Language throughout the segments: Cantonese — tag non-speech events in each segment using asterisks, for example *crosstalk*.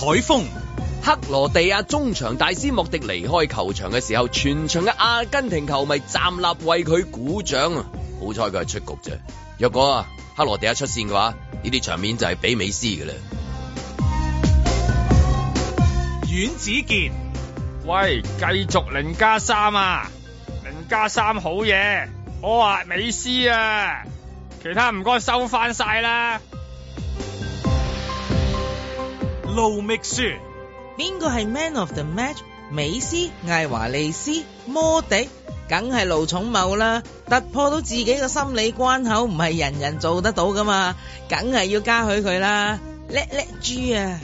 海風，克羅地亞中場大師莫迪離開球場嘅時候，全場嘅阿根廷球迷站立為佢鼓掌。好彩佢係出局啫，若果啊克羅地亞出線嘅話，呢啲場面就係畀美斯嘅啦。阮子健，喂，繼續零加三啊，零加三好嘢，我話美斯啊，其他唔該收翻晒啦。路蜜斯，邊個係 Man of the Match？美斯、艾華利斯、摩迪，梗係盧寵茂啦。突破到自己嘅心理關口，唔係人人做得到噶嘛，梗係要嘉許佢啦。叻叻豬啊，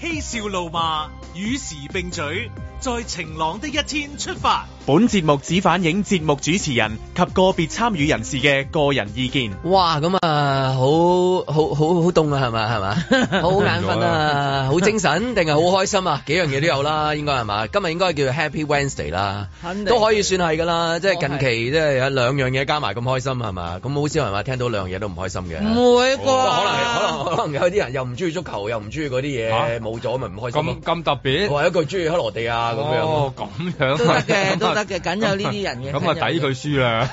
嬉笑怒罵，與時並舉，在晴朗的一天出發。本節目只反映節目主持人及個別參與人士嘅個人意見。哇，咁啊，好好好好凍啊，係嘛係嘛，好眼瞓啊，好精神定係好開心啊？幾樣嘢都有啦，應該係嘛？今日應該叫 Happy Wednesday 啦，肯定，都可以算係噶啦，即係近期即係兩樣嘢加埋咁開心係嘛？咁好少人話聽到兩樣嘢都唔開心嘅，每一個？可能可能可能有啲人又唔中意足球，又唔中意嗰啲嘢，冇咗咪唔開心？咁特別？或一個中意克羅地亞咁樣？咁樣得嘅，梗有呢啲人嘅，咁啊抵佢輸啦！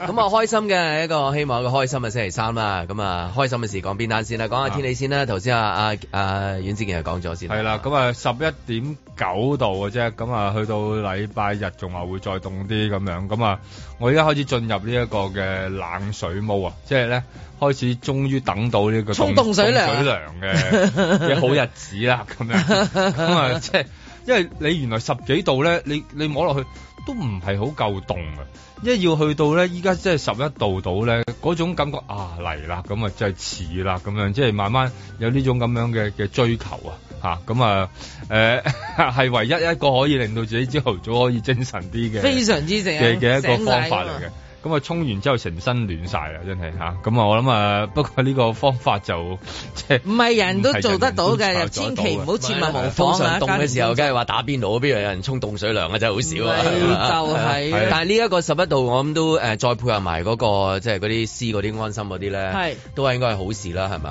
咁啊，開心嘅一個，希望一個開心嘅星期三啦。咁啊，開心嘅事講邊單先啦？講下天氣先啦。頭先啊啊啊，阮之健又講咗先。係啦，咁啊十一點九度嘅啫。咁啊，去到禮拜日仲話會再凍啲咁樣。咁啊，我而家開始進入呢一個嘅冷水霧啊，即係咧開始終於等到呢個沖凍水涼嘅嘅好日子啦。咁樣咁啊，即係。因為你原來十幾度咧，你你摸落去都唔係好夠凍嘅，一要去到咧依家即係十一度到咧，嗰種感覺啊嚟啦，咁啊就係遲啦咁樣，即係慢慢有呢種咁樣嘅嘅追求啊，吓咁啊，誒、呃、係 *laughs* 唯一一個可以令到自己朝頭早可以精神啲嘅，非常之正嘅嘅一個方法嚟嘅。咁啊！衝完之後成身暖晒啊！真係嚇，咁啊！我諗啊，不過呢個方法就即係唔係人都做得到嘅，千祈唔好切勿模仿啊！通凍嘅時候，梗係話打邊爐，邊有人沖凍水涼啊！真係好少。啊。就係，但係呢一個十一度，我咁都誒再配合埋嗰個即係嗰啲施嗰啲安心嗰啲咧，都係應該係好事啦，係咪？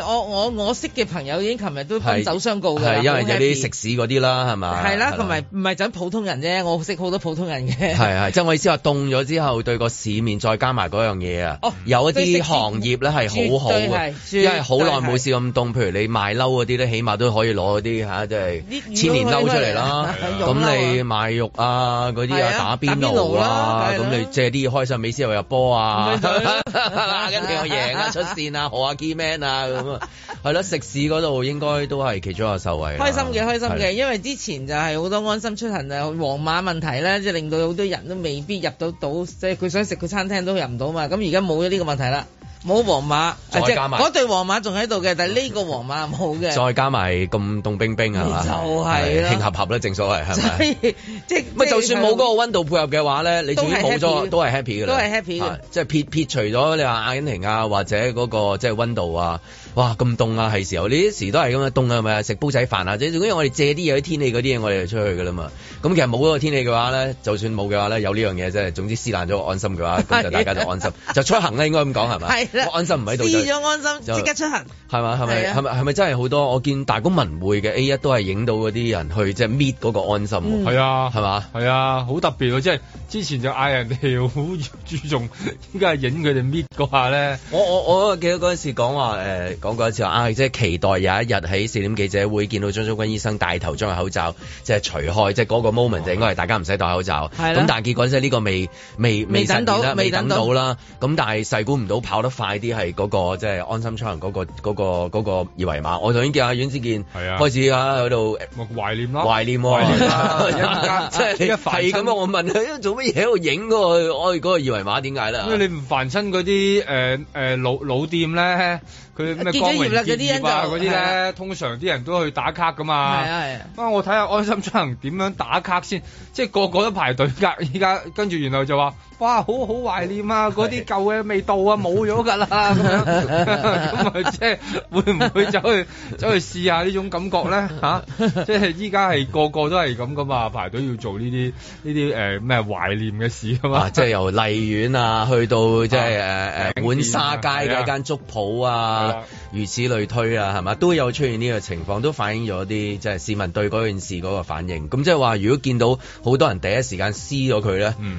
誒，我我我識嘅朋友已經琴日都分手相告嘅，係因為有啲食肆嗰啲啦，係咪？係啦，同埋唔係整普通人啫，我識好多普通人嘅。係係，即係我意思話凍咗之後對個市面再加埋嗰樣嘢啊！有一啲行業咧係好好嘅，因為好耐冇試咁凍。譬如你賣褸嗰啲咧，起碼都可以攞啲嚇，即係千年褸出嚟啦。咁你賣肉啊嗰啲啊，打邊爐啦，咁你借啲開心美食又入波啊，跟住我贏啊出線啊，好啊 key man 啊咁啊，係咯，食市嗰度應該都係其中一個受惠。開心嘅，開心嘅，因為之前就係好多安心出行啊，黃碼問題咧，即係令到好多人都未必入到賭，即係佢。想食個餐廳都入唔到嘛，咁而家冇咗呢個問題啦，冇皇馬，加埋即係嗰隊皇馬仲喺度嘅，但係呢個皇馬冇嘅。再加埋咁凍冰冰啊嘛，就係啦，慶合合啦，正所謂係咪以吧？即係咪就算冇嗰個溫度配合嘅話咧，你仲冇咗都係 happy 嘅，都係 happy 嘅，即係撇撇除咗你話阿根廷啊或者嗰個即係溫度啊。哇咁凍啊，係時候，呢啲時都係咁樣凍啊，係咪啊？食煲仔飯啊，即如果為我哋借啲嘢，天氣嗰啲嘢，我哋就出去噶啦嘛。咁其實冇嗰個天氣嘅話咧，就算冇嘅話咧，有呢樣嘢真係，總之撕爛咗個安心嘅話，咁就是的 大家就安心， *laughs* 就出行咧，應該咁講係嘛？的安心唔喺度安心，即刻出行係嘛？係咪係咪係咪真係好多？我見大公文匯嘅 A 一都係影到嗰啲人去即係搣嗰個安心喎。係啊、嗯，係嘛吧？係啊，好特別喎！即係之前就嗌人哋好注重，點解影佢哋搣嗰下咧？我我我記得嗰陣時講話、呃講過一次話啊，即係期待有一日喺四點記者會見到張竹君醫生帶頭將個口罩即係除開，即係嗰個 moment 就應該係大家唔使戴口罩。咁但係結果即係呢個未未未等到，未等到啦。咁但係細估唔到跑得快啲係嗰個即係安心出行嗰個嗰個嗰個二維碼。我頭先叫阿阮子健開始啊喺度懷念咯，懷念即係你一咁親我問佢：「做乜嘢喺度影嗰個嗰個二維碼？點解咧？因為你唔煩親嗰啲誒誒老老店咧？佢啲咩光榮結業啊嗰啲咧，啊、通常啲人都去打卡噶嘛。係啊係。啊，啊我睇下安心出行點樣打卡先，即係個個都排隊噶。依家跟住原來就話。哇！好好懷念啊，嗰啲舊嘅味道啊，冇咗噶啦，咁 *laughs* *laughs* 啊，即係會唔會走去走去試下呢種感覺咧？嚇，即係依家係個個都係咁噶嘛，排隊要做呢啲呢啲誒咩懷念嘅事噶嘛，啊、即係由荔園啊，去到即係誒誒滿沙街嘅間粥鋪啊，啊啊如此類推啊，係咪？都有出現呢個情況，都反映咗啲即係市民對嗰件事嗰個反應。咁即係話，如果見到好多人第一時間撕咗佢咧，呢嗯。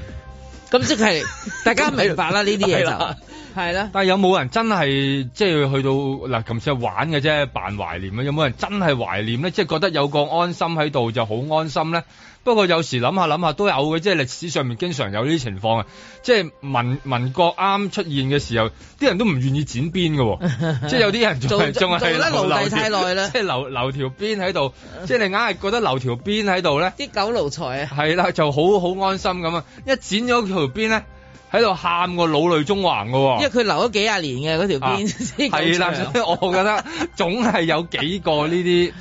咁即係大家明白啦，呢啲嘢就。係啦，但係有冇人真係即係去到嗱，咁即係玩嘅啫，扮懷念啊？有冇人真係懷念咧？即係覺得有個安心喺度就好安心咧。不過有時諗下諗下都有嘅，即係歷史上面經常有呢啲情況啊。即係民民國啱出現嘅時候，啲人都唔願意剪辮嘅， *laughs* 即係有啲人仲係仲係留太耐啦， *laughs* *laughs* 即係留留條辮喺度，即係你硬係覺得留條辮喺度咧，啲狗奴才啊，係啦，就好好安心咁啊，一剪咗條辮咧。喺度喊個老淚縱橫噶，因為佢留咗幾廿年嘅嗰條邊先、啊。啦，所以 *laughs* *laughs* 我覺得總係有幾個呢啲。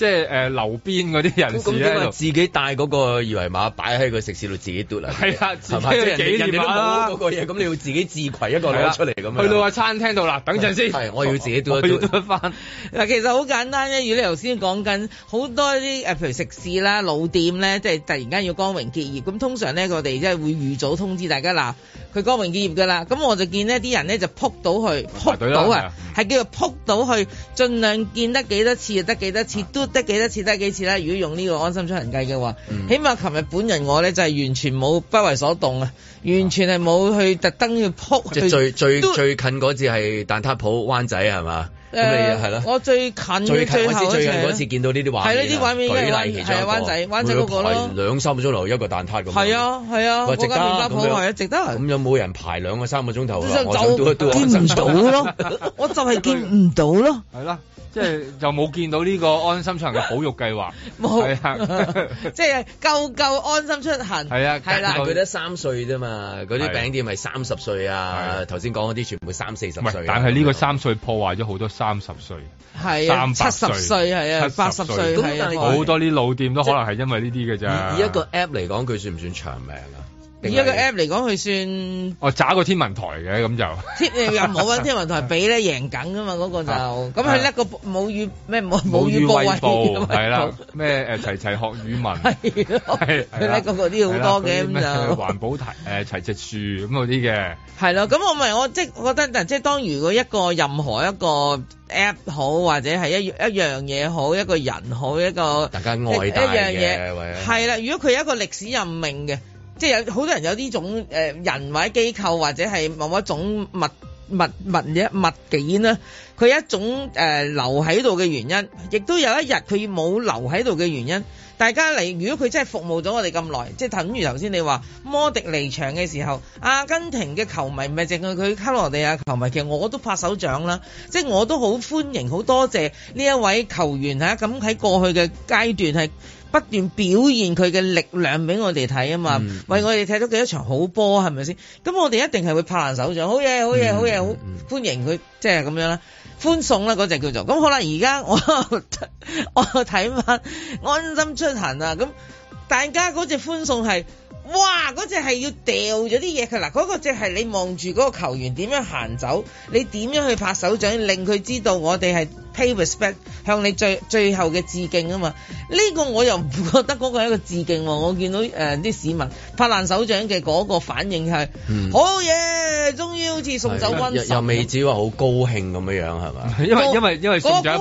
即係誒樓邊嗰啲人士喺度、啊，自己帶嗰個二維碼擺喺個食肆度，自己嘟啦。係啊，即係人哋都冇嗰嘢，咁 *laughs* 你要自己自攜一個人出嚟咁、啊、樣去到個餐廳度啦， *laughs* 等陣先。係，我要自己嘟一嘟翻。嗱， *laughs* 其實好簡單啫，如果你頭先講緊好多啲誒，譬如食肆啦、老店咧，即係突然間要光榮結業，咁通常咧，我哋即係會預早通知大家啦。佢光榮結業嘅啦，咁我就見呢啲人咧就撲到去，撲到啊，係叫做撲到去，盡量見得幾多次就得幾多次，都、啊、得幾多次得幾次啦。如果用呢個安心出行計嘅話，嗯、起碼琴日本人我咧就係、是、完全冇不為所動啊，完全係冇去特登去撲。即係、啊、去最嘟 最最近嗰次係蛋撻鋪灣仔係嘛？咁你係咯，我最近最近嗰次最近嗰次見到呢啲畫面，舉例其中，灣仔灣仔嗰個咯，兩三個鐘頭一個蛋撻咁，係啊係啊，值得咁樣，值得咁有冇人排兩個三個鐘頭？我就都見唔到咯，我就係見唔到咯，係啦。即係就冇見到呢個安心出行嘅保育計劃，冇，即係夠夠安心出行。係啊，係啦，佢得三歲啫嘛，嗰啲餅店係三十歲啊，頭先講嗰啲全部三四十歲。但係呢個三歲破壞咗好多三十歲，係八十四係啊，八十歲。好多啲老店都可能係因為呢啲嘅咋。以一個 App 嚟講，佢算唔算長命啊？以一個 app 嚟講，佢算哦，渣個天文台嘅，咁就，天文又唔好揾天文台比咧，贏緊噶嘛，嗰個就，咁佢叻個母語咩母母語報係啦，咩誒齊齊學語文係，佢叻嗰個啲好多嘅，咁就，環保題誒齊齊植樹咁嗰啲嘅係咯，咁我咪我即係覺得，即係當如果一個任何一個 app 好，或者係一一樣嘢好，一個人好，一個大家愛戴嘅，係啦，如果佢一個歷史任命嘅。即係有好多人有呢種誒、呃、人或者機構或者係某、某種一種物物物嘢物件啦，佢有一種誒留喺度嘅原因，亦都有一日佢冇留喺度嘅原因。大家嚟，如果佢真係服務咗我哋咁耐，即係等如頭先你話摩迪離場嘅時候，阿根廷嘅球迷唔係淨係佢克羅地亞球迷，其實我都拍手掌啦，即係我都好歡迎，好多謝呢一位球員嚇，咁、啊、喺過去嘅階段係不斷表現佢嘅力量俾我哋睇啊嘛，為、嗯、我哋踢咗幾多場好波係咪先？咁我哋一定係會拍爛手掌，好嘢好嘢好嘢，好，好、嗯嗯、歡迎佢，即係咁樣啦。歡送啦嗰隻叫做。咁好喇，而家我我睇翻安心出行啊。咁大家嗰隻歡送係，哇嗰隻係要掉咗啲嘢㗎喇。嗰、嗰個只係你望住嗰個球員點樣行走，走，你點樣去拍手掌令佢知道我哋係。Pay respect 向你最最後嘅致敬啊嘛！呢個我又唔覺得嗰個係一個致敬喎。我見到誒啲市民拍爛手掌嘅嗰個反應係好嘢，終於好似送走瘟神，又未至於話好高興咁樣樣係嘛？因為因為因為送咗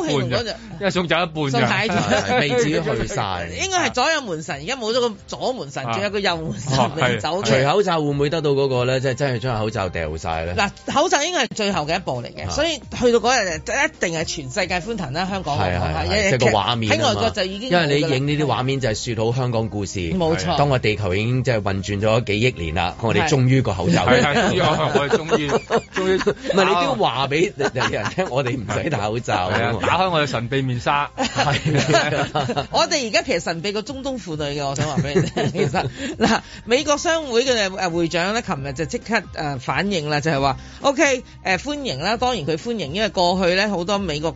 因為送走一半啫，未至於去晒。應該係左右門神，而家冇咗個左門神，仲有個右門神未走。除口罩會唔會得到嗰個咧？即係真係將口罩掉晒咧？嗱，口罩應該係最後嘅一步嚟嘅，所以去到嗰日一定係全世界。界歡騰啦，香港，係啊，係啊，即係個畫面喺外國就已經，因為你影呢啲畫面就係説好香港故事。冇錯，當個地球已經即係運轉咗幾億年啦，我哋終於個口罩。我哋終於終於，唔係你都要話俾啲人聽，我哋唔使戴口罩。係啊，打開我嘅神秘面紗。係啊，我哋而家其實神秘個中東婦女嘅，我想話俾你聽。其實嗱，美國商會嘅誒會長咧，琴日就即刻誒反應啦，就係話 O K 誒歡迎啦。當然佢歡迎，因為過去咧好多美國。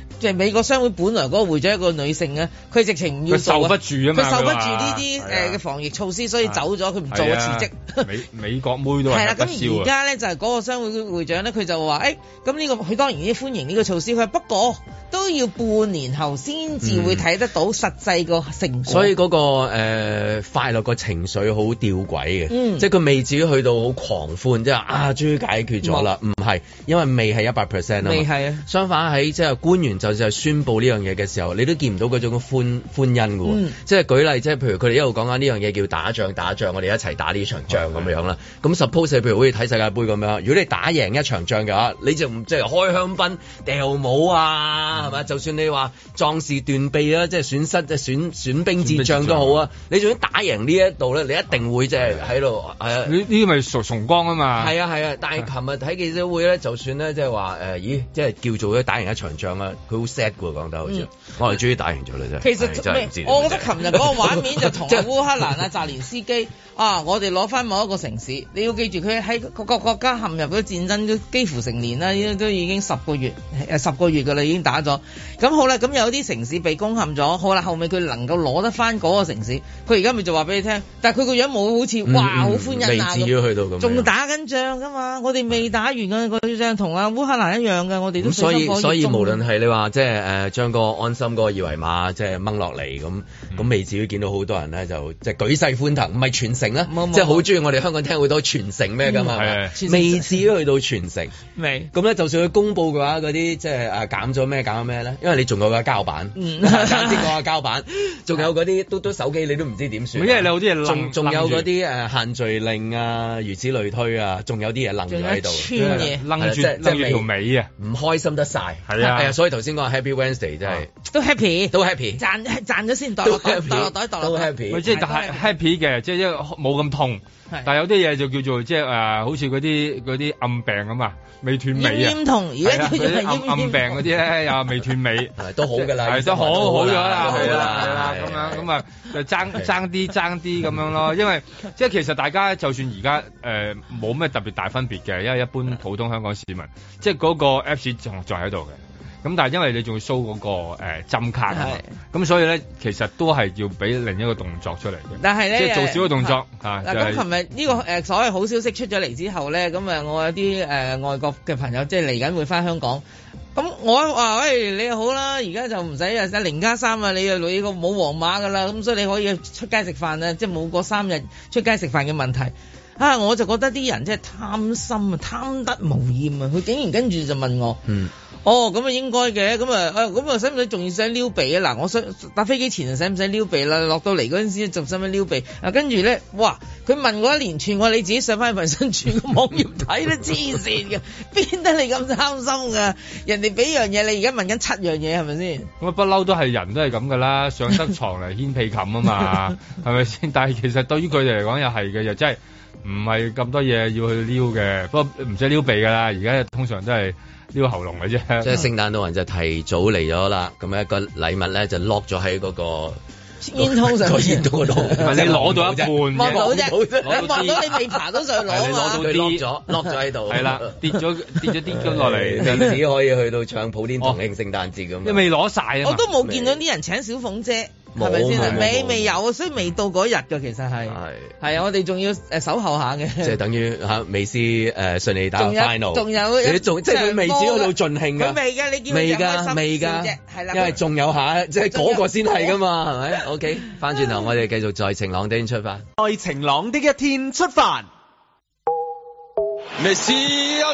即係美國商會本來嗰個會長一個女性咧，佢直情唔要做，佢受不住啊嘛，佢受不住呢啲誒嘅防疫措施，所以走咗，佢唔做啊，辭職。美美國妹都係不得了啊！咁而家咧就係嗰個商會會長咧，佢就話：誒，咁呢個佢當然歡迎呢個措施，佢話不過都要半年後先至會睇得到實際個成果。所以嗰個誒快樂個情緒好吊詭嘅，即係佢未至於去到好狂歡，即係啊終於解決咗啦！唔係，因為未係一百 percent 啊嘛。未係啊！相反喺即係官員就。就係宣布呢樣嘢嘅時候，你都見唔到嗰種歡歡欣嘅喎。即係舉例，即係譬如佢哋一路講緊呢樣嘢叫打仗，打仗，我哋一齊打呢場仗咁樣啦。咁 suppose 譬如好似睇世界盃咁樣，如果你打贏一場仗嘅話，你就唔即係開香檳、掉帽啊，係咪？就算你話壯士斷臂啊，即係損失、即係損損兵折將都好啊。你就算打贏呢一度咧，你一定會即係喺度係。呢呢咪崇光啊嘛。係啊係啊，但係琴日睇記者會咧，就算咧即係話誒，咦，即係叫做打贏一場仗啊，好 sad 噶，講得好似，我係終於打贏咗啦真係。 *laughs* 其實咩？我覺得琴日嗰個畫面 *laughs* 就同烏克蘭啊，澤連斯基。 *laughs* 啊！我哋攞翻某一個城市，你要記住，佢喺各個國家陷入咗戰爭都幾乎成年啦，都已經十個月誒十個月噶啦，已經打咗。咁好啦，咁有啲城市被攻陷咗，好啦，後尾佢能夠攞得翻嗰個城市，佢而家咪就話俾你聽，但係佢個樣冇好似哇好歡迎、啊嗯嗯，未至於去到咁，仲打緊仗㗎嘛！我哋未打完啊個仗，同阿的烏克蘭一樣嘅，我哋都以、嗯、所以所以無論係你話即係誒將個安心嗰個二維碼即係掹落嚟咁咁，未至於見到好多人咧就即係舉世歡騰，唔係全城。即係好中意我哋香港聽好多傳承咩㗎嘛？未至於去到傳承，未咁咧。就算佢公佈嘅話，嗰啲即係啊減咗咩減咗咩咧？因為你仲有個膠板，先講下膠板，仲有嗰啲都都手機，你都唔知點算。因為你好啲嘢楞。仲有嗰啲誒限聚令啊，如此類推啊，仲有啲嘢楞咗喺度。穿嘢，楞穿楞住條尾啊！唔開心得晒。係啊！所以頭先講 Happy Wednesday 啫，都 Happy，都 Happy，賺賺咗先袋落袋，袋袋，落袋，都 Happy。即係都係 Happy 嘅，即係一個。冇咁痛，但係有啲嘢就叫做即係誒，好似嗰啲啲暗病咁啊，未斷尾啊。痛，而家嗰暗病嗰啲咧，又未斷尾，都好㗎啦，都好好咗啦，係啦，係啦，咁樣咁啊，就爭爭啲爭啲咁樣咯。因為即係其實大家就算而家誒冇咩特別大分別嘅，因為一般普通香港市民，即係嗰個 Apps 仲在喺度嘅。咁但係因為你仲要掃嗰個誒針卡啊嘛，咁的所以咧其實都係要俾另一個動作出嚟嘅。但係咧，即係做少個動作嚇的、啊，就係。咁琴日呢個誒所謂好消息出咗嚟之後咧，咁啊、嗯、我有啲誒、呃、外國嘅朋友即係嚟緊會返香港，咁我話，喂，你好啦，而家就唔使啊零加三啊，你啊你個冇黃碼噶啦，咁所以你可以出街食飯啊，即係冇過三日出街食飯嘅問題。啊，我就覺得啲人真係貪心啊，貪得無厭啊，佢竟然跟住就問我。嗯。哦，咁啊應該嘅，咁、嗯、啊、嗯嗯嗯，啊咁啊，使唔使仲要使撩鼻啊？嗱，我想搭飛機前使唔使撩鼻啦？落到嚟嗰陣時，仲使唔使撩鼻？啊，跟住咧，哇！佢問我一連，連串，我你自己上翻份新傳個網頁睇都黐線嘅，邊得你咁擔心㗎？人哋俾樣嘢，你而家問緊七樣嘢，係咪先？咁啊，不嬲都係人都係咁㗎啦，上得床嚟掀被冚啊 *laughs* 嘛，係咪先？但係其實對於佢哋嚟講又係嘅，又真係唔係咁多嘢要去撩嘅，不過唔使撩鼻㗎啦，而家通常都係。呢個喉嚨嘅啫，即係聖誕老人就提早嚟咗啦。咁樣一個禮物咧就落咗喺嗰個煙筒上，個煙筒嗰度。你攞到一半，攞到啫，你望到你未爬到上去，攞啊？佢落咗，落咗喺度。係啦，跌咗跌咗跌咗落嚟，就只可以去到唱普天同慶聖誕節咁。你未攞晒啊？我都冇見到啲人請小鳳姐。係咪先？未未有，所以未到嗰日嘅，其實係係啊，我哋仲要誒守候下嘅。即係等於吓，美斯誒順利打 final，仲有你仲即係佢未止嗰度盡興噶，未噶，你叫未噶未噶，係啦，因為仲有下，即係嗰個先係噶嘛，係咪？OK，翻轉頭，我哋繼續在晴朗啲出發。在晴朗的一天出發。未 i s s 阿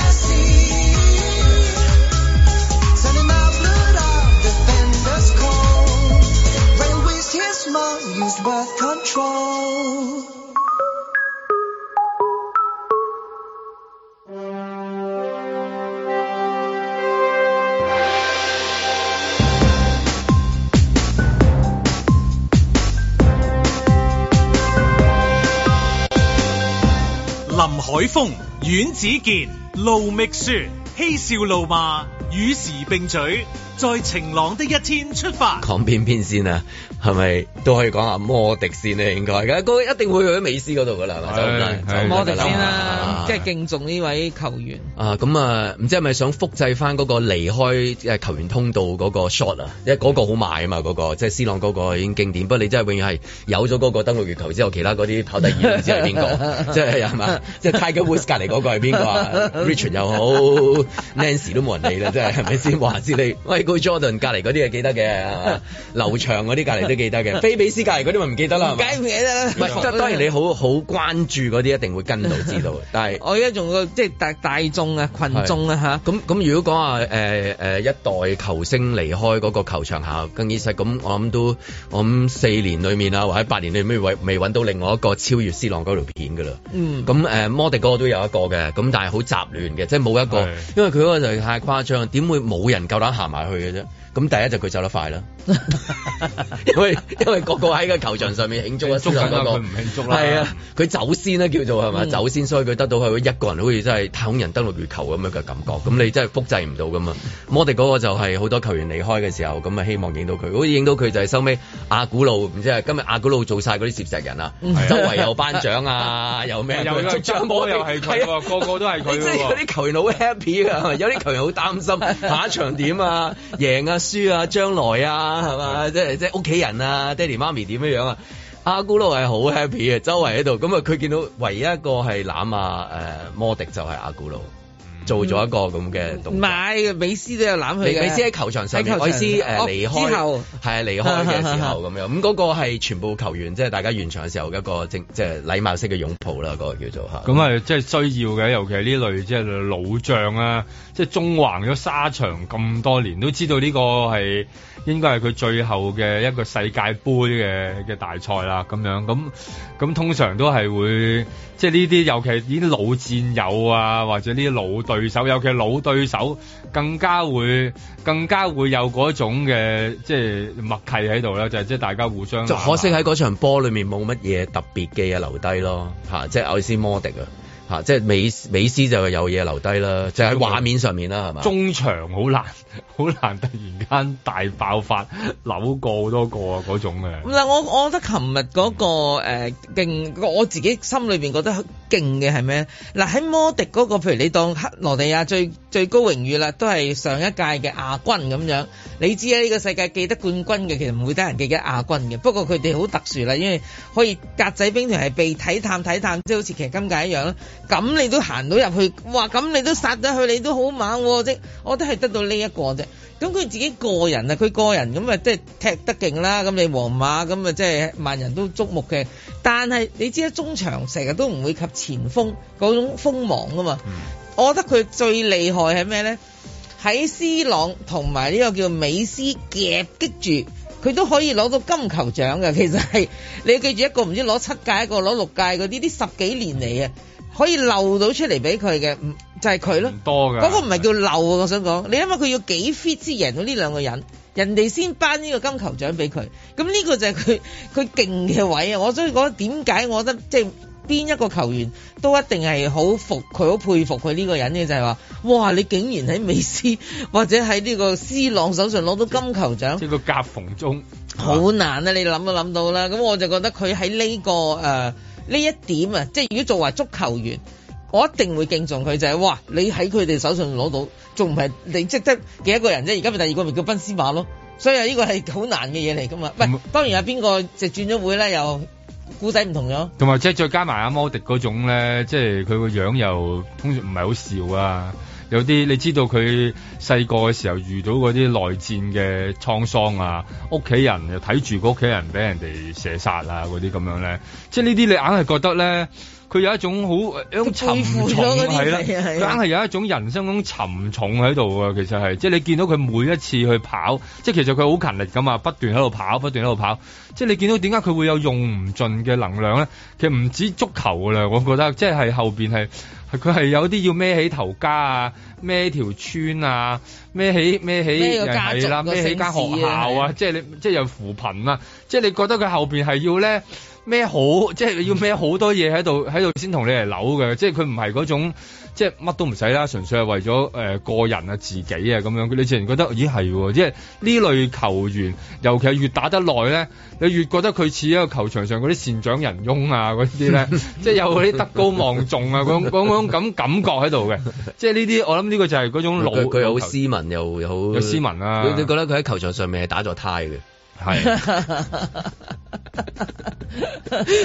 林海峰、阮子健、盧覓雪、嬉笑怒罵，與時並舉，在晴朗的一天出發。講邊邊先啊。係咪都可以講下摩迪先呢？應該嘅，嗰一定會去美斯嗰度噶啦，係咪？摩迪先啦，即係敬重呢位球員。啊，咁啊，唔知係咪想複製翻嗰個離開球員通道嗰個 shot 啊？因為嗰個好賣啊嘛，嗰個即係 C 朗嗰個已經經典。不過你真係永遠係有咗嗰個登陸月球之後，其他嗰啲跑第二唔知係邊個？即係係嘛？即係 Tiger Woods 隔離嗰個係邊個啊？Richard 又好，Nancy 都冇人理啦，真係係咪先？話知你威哥 Jordan 隔離嗰啲係記得嘅，劉翔嗰啲隔離。都記得嘅，菲 *noise* 比斯界嗰啲咪唔記得啦。唔記得？唔當然你好好 *noise* 關注嗰啲一定會跟到知道。但係 *laughs* 我而家仲個即係大大眾啊、羣眾啊嚇。咁咁如果講話誒誒一代球星離開嗰個球場下，更現實咁，我諗都我諗四年裏面啊，或者八年裏面未未揾到另外一個超越斯朗嗰條片㗎啦。咁誒、嗯呃、摩迪嗰個都有一個嘅，咁但係好雜亂嘅，即係冇一個， *noise* *noise* 因為佢嗰個就係太誇張，點會冇人夠膽行埋去嘅啫？咁第一就佢走得快啦，因為因為個個喺個球場上面慶祝、那個、祝啊，祝緊啦，佢唔慶祝啦，係啊，佢走先啦，叫做係咪、嗯、走先，所以佢得到佢一個人好似真係太空人登陸月球咁樣嘅感覺，咁你真係複製唔到噶嘛。摩迪嗰個就係好多球員離開嘅時候，咁啊希望影到佢，好似影到佢就係收尾阿古路，即係今日阿古路做晒嗰啲攝石人啊，周圍有班長啊，又咩又張波又係佢個個都係佢喎。真係啲球員好 happy 㗎，有啲球員好擔心下一 *laughs* 場點啊，贏啊！書啊，將來啊，係嘛，即係即係屋企人啊，爹哋媽咪點樣樣啊？阿古路係好 happy 嘅，周圍喺度。咁啊，佢見到唯一一個係攬阿誒摩迪，就係阿古路做咗一個咁嘅動作。唔係，美斯都有攬佢。美斯喺球場上，美斯誒離開之後，係啊離開嘅時候咁樣。咁嗰個係全部球員，即係大家完場嘅時候一個正即係禮貌式嘅擁抱啦。嗰個叫做吓。咁啊，即係需要嘅，尤其係呢類即係老將啊。即係中橫咗沙場咁多年，都知道呢個係應該係佢最後嘅一個世界盃嘅嘅大賽啦。咁樣咁咁通常都係會即係呢啲，尤其係啲老戰友啊，或者呢啲老對手，尤其係老對手更加會更加會有嗰種嘅即係默契喺度啦。就係即係大家互相。就可惜喺嗰場波裡面冇乜嘢特別嘅嘢留低咯，嚇！即係愛斯摩迪啊。啊！即係美美斯就有嘢留低啦，就喺畫面上面啦，係嘛？中場好難，好難突然間大爆發，扭 *laughs* 過好多個嗰、啊、種嘅。嗱，我我覺得琴日嗰個誒、呃、勁、我自己心裏邊覺得勁嘅係咩？嗱、啊，喺摩迪嗰、那個，譬如你當克羅地亞最最高榮譽啦，都係上一屆嘅亞軍咁樣。你知啦，呢、這個世界記得冠軍嘅，其實唔會得人記嘅亞軍嘅。不過佢哋好特殊啦，因為可以格仔兵團係被睇探睇探，即係好似其實今屆一樣啦。咁你都行到入去，哇！咁你都殺咗佢，你都好猛啫、哦。我都係得，得到呢一個啫。咁佢自己個人啊，佢個人咁啊，即係踢得勁啦。咁你皇馬咁啊，即係萬人都矚目嘅。但係你知啦，中場成日都唔會及前鋒嗰種鋒芒㗎嘛。嗯、我覺得佢最厲害係咩咧？喺 C 朗同埋呢個叫美斯夾擊住，佢都可以攞到金球獎嘅。其實係你記住一個唔知攞七屆，一個攞六屆，嗰啲啲十幾年嚟啊，可以漏到出嚟俾佢嘅，唔就係、是、佢咯。多㗎嗰個唔係叫漏，啊。我想講你因為佢要幾 fit 先贏到呢兩個人，人哋先頒呢個金球獎俾佢。咁呢個就係佢佢勁嘅位啊！我所以講點解我覺得即係。邊一個球員都一定係好服佢，好佩服佢呢個人咧，就係、是、話哇，你竟然喺美斯或者喺呢個 C 朗手上攞到金球獎，即係個夾縫中，好難啊！你諗都諗到啦。咁、嗯、我就覺得佢喺呢個誒呢、呃、一點啊，即係如果作為足球員，我一定會敬重佢就係、是、哇，你喺佢哋手上攞到，仲唔係你即得幾一個人啫？而家咪第二個咪叫賓斯馬咯。所以啊，呢、這個係好難嘅嘢嚟噶嘛。唔、嗯、當然有邊個就轉咗會咧又。有古仔唔同咗，同埋即係再加埋阿摩迪嗰種咧，即係佢個樣又通常唔係好笑啊！有啲你知道佢細個嘅時候遇到嗰啲內戰嘅滄桑啊，屋企人又睇住個屋企人俾人哋射殺啊嗰啲咁樣咧，即係呢啲你硬係覺得咧。佢有一種好沉重啊，係啦，梗係的有一種人生嗰種沉重喺度啊。其實係，即係你見到佢每一次去跑，即係其實佢好勤力噶嘛，不斷喺度跑，不斷喺度跑。即係你見到點解佢會有用唔盡嘅能量咧？其實唔止足球噶啦，我覺得即係後邊係佢係有啲要孭起頭家啊，孭條村啊，孭起孭起係啦，孭起間學校啊，即係你即係有扶貧啊，即係你覺得佢後邊係要咧。咩好，即係要咩好多嘢喺度，喺度先同你嚟扭嘅，即係佢唔係嗰種，即係乜都唔使啦，純粹係為咗誒、呃、個人啊、自己啊咁樣，你自然覺得咦係，即係呢類球員，尤其係越打得耐咧，你越覺得佢似一個球場上嗰啲善長人翁啊，嗰啲咧，即係有嗰啲德高望重啊，嗰 *laughs* 種種咁感覺喺度嘅，即係呢啲我諗呢個就係嗰種老，佢好斯文，又又好斯文啊！你你覺得佢喺球場上面係打咗胎嘅？係 *laughs*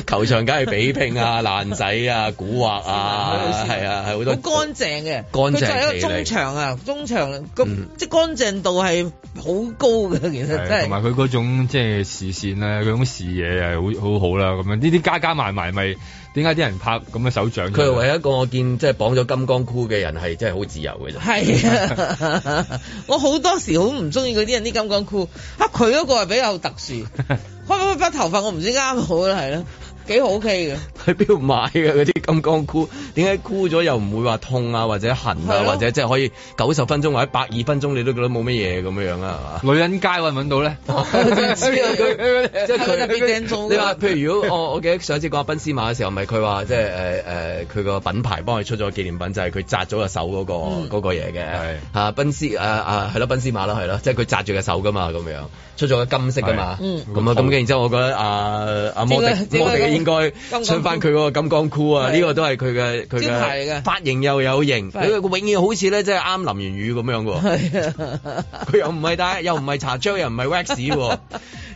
球場梗係比拼啊、爛仔啊、蠱惑啊，係 *laughs* 啊，係好、啊、多好乾淨嘅，乾淨嘅。佢乾淨 就係一個中場啊，利中場咁、嗯、即係乾淨度係好高嘅，其實是真係的。同埋佢嗰種即係視線啊，嗰種視野係、啊、好,好好好、啊、啦。咁樣呢啲加加埋埋咪。點解啲人拍咁嘅手掌？佢係唯一一個我見即係、就是、綁咗金剛箍嘅人係真係好自由嘅啫。係啊，我好多時好唔中意嗰啲人啲金剛箍。啊，佢嗰個係比較特殊。開開開，頭髮我唔知啱啱好啦，係啦。幾好 OK 嘅。喺邊度買嘅嗰啲金剛箍？點解箍咗又唔會話痛啊，或者痕啊，係嘅，或者即係可以九十分鐘或者百二分鐘，你都覺得冇乜嘢咁樣樣啦，係嘛？女人街搵唔搵到咧？即係佢俾釘中。你話譬如如果我我記得上一次講阿賓斯馬嘅時候，咪佢話即係誒誒，佢個品牌幫佢出咗紀念品，就係佢紮咗個手嗰個個嘢嘅。係吓，賓斯誒誒，係咯，賓斯馬咯，係咯，即係佢扎住個手噶嘛，咁樣。出咗金色噶嘛？咁啊咁然之後我覺得阿阿摩迪摩迪應該襯翻佢嗰個金剛箍啊！呢個都係佢嘅佢嘅髮型又有型，佢永遠好似咧，即係啱淋完雨咁樣嘅。佢又唔係戴，又唔係茶漿，又唔係 wax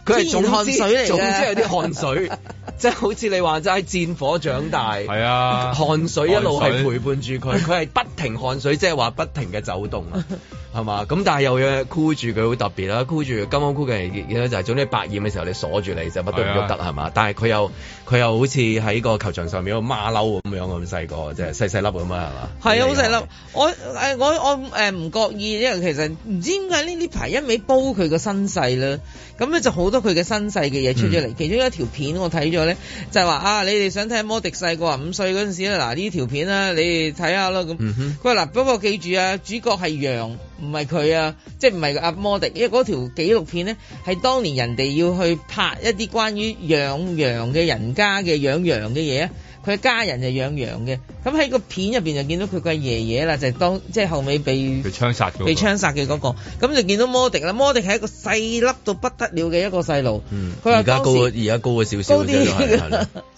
佢係總之汗水嚟，總之係啲汗水，即係好似你話齋喺戰火長大。係啊，汗水一路係陪伴住佢，佢係不停汗水，即係話不停嘅走動啊。係嘛？咁 *noise* 但係又有箍住佢，好特別啦、啊。箍住金剛箍嘅人咧，就係總之百厭嘅時候，你鎖住你就乜都唔記得係嘛？但係佢又佢又好似喺個球場上面、個馬騮咁樣咁細個，即係細細粒咁樣係嘛？係啊，好細粒。我誒我我誒唔覺意，因為其實唔知點解呢呢排一味煲佢個身世啦。咁咧就好多佢嘅身世嘅嘢出咗嚟。嗯、其中一條片我睇咗咧，就係、是、話啊，你哋想睇摩迪細個啊五歲嗰陣時咧，嗱呢條片啦，你哋睇下咯咁。嗯哼。佢嗱，不過記住啊，主角係羊。Hmm. *noise* 唔係佢啊，即係唔係阿摩迪，因為嗰條紀錄片咧，係當年人哋要去拍一啲關於養羊嘅人家嘅養羊嘅嘢。佢家人就養羊嘅，咁喺個片入邊就見到佢嘅爺爺啦，就係、當即係、就係、後尾被槍殺被槍殺嘅，被槍殺嘅嗰個，咁就見到摩迪啦。摩迪係一個細粒到不得了嘅一個細路，佢話而家高咗，而家高咗少少，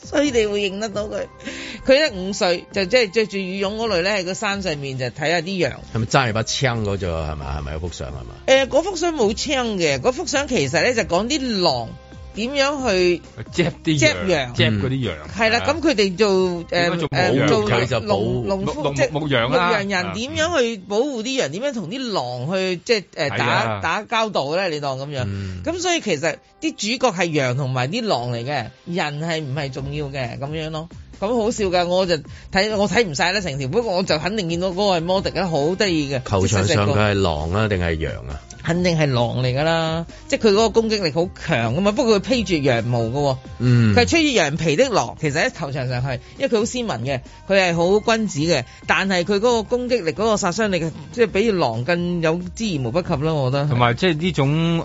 所以你會認得到佢。佢咧五歲就即係着住羽絨嗰類咧喺個山上面就睇下啲羊。係咪揸住把槍嗰張係咪？係咪、 *noise* 啊、有幅相係嘛？誒，嗰幅相冇槍嘅，嗰幅相其實咧就講啲狼。點樣去接啲羊？接嗰啲羊係啦，咁佢哋做誒誒做農農夫即牧羊啦。牧羊人點樣去保護啲羊？點樣同啲狼去即係誒打打交道咧？你當咁樣，咁所以其實啲主角係羊同埋啲狼嚟嘅，人係唔係重要嘅咁樣咯。咁好笑噶，我就睇我睇唔晒啦成條，不過我就肯定見到嗰個係摩迪，佢好得意嘅。球場上佢係狼啊定係羊啊？肯定係狼嚟噶啦，即係佢嗰個攻擊力好強啊嘛，不過佢披住羊毛噶喎，嗯，佢係穿住羊皮的狼。其實喺球場上係，因為佢好斯文嘅，佢係好君子嘅，但係佢嗰個攻擊力，嗰個殺傷力，即係比狼更有之而無不及啦。我覺得。同埋即係呢種，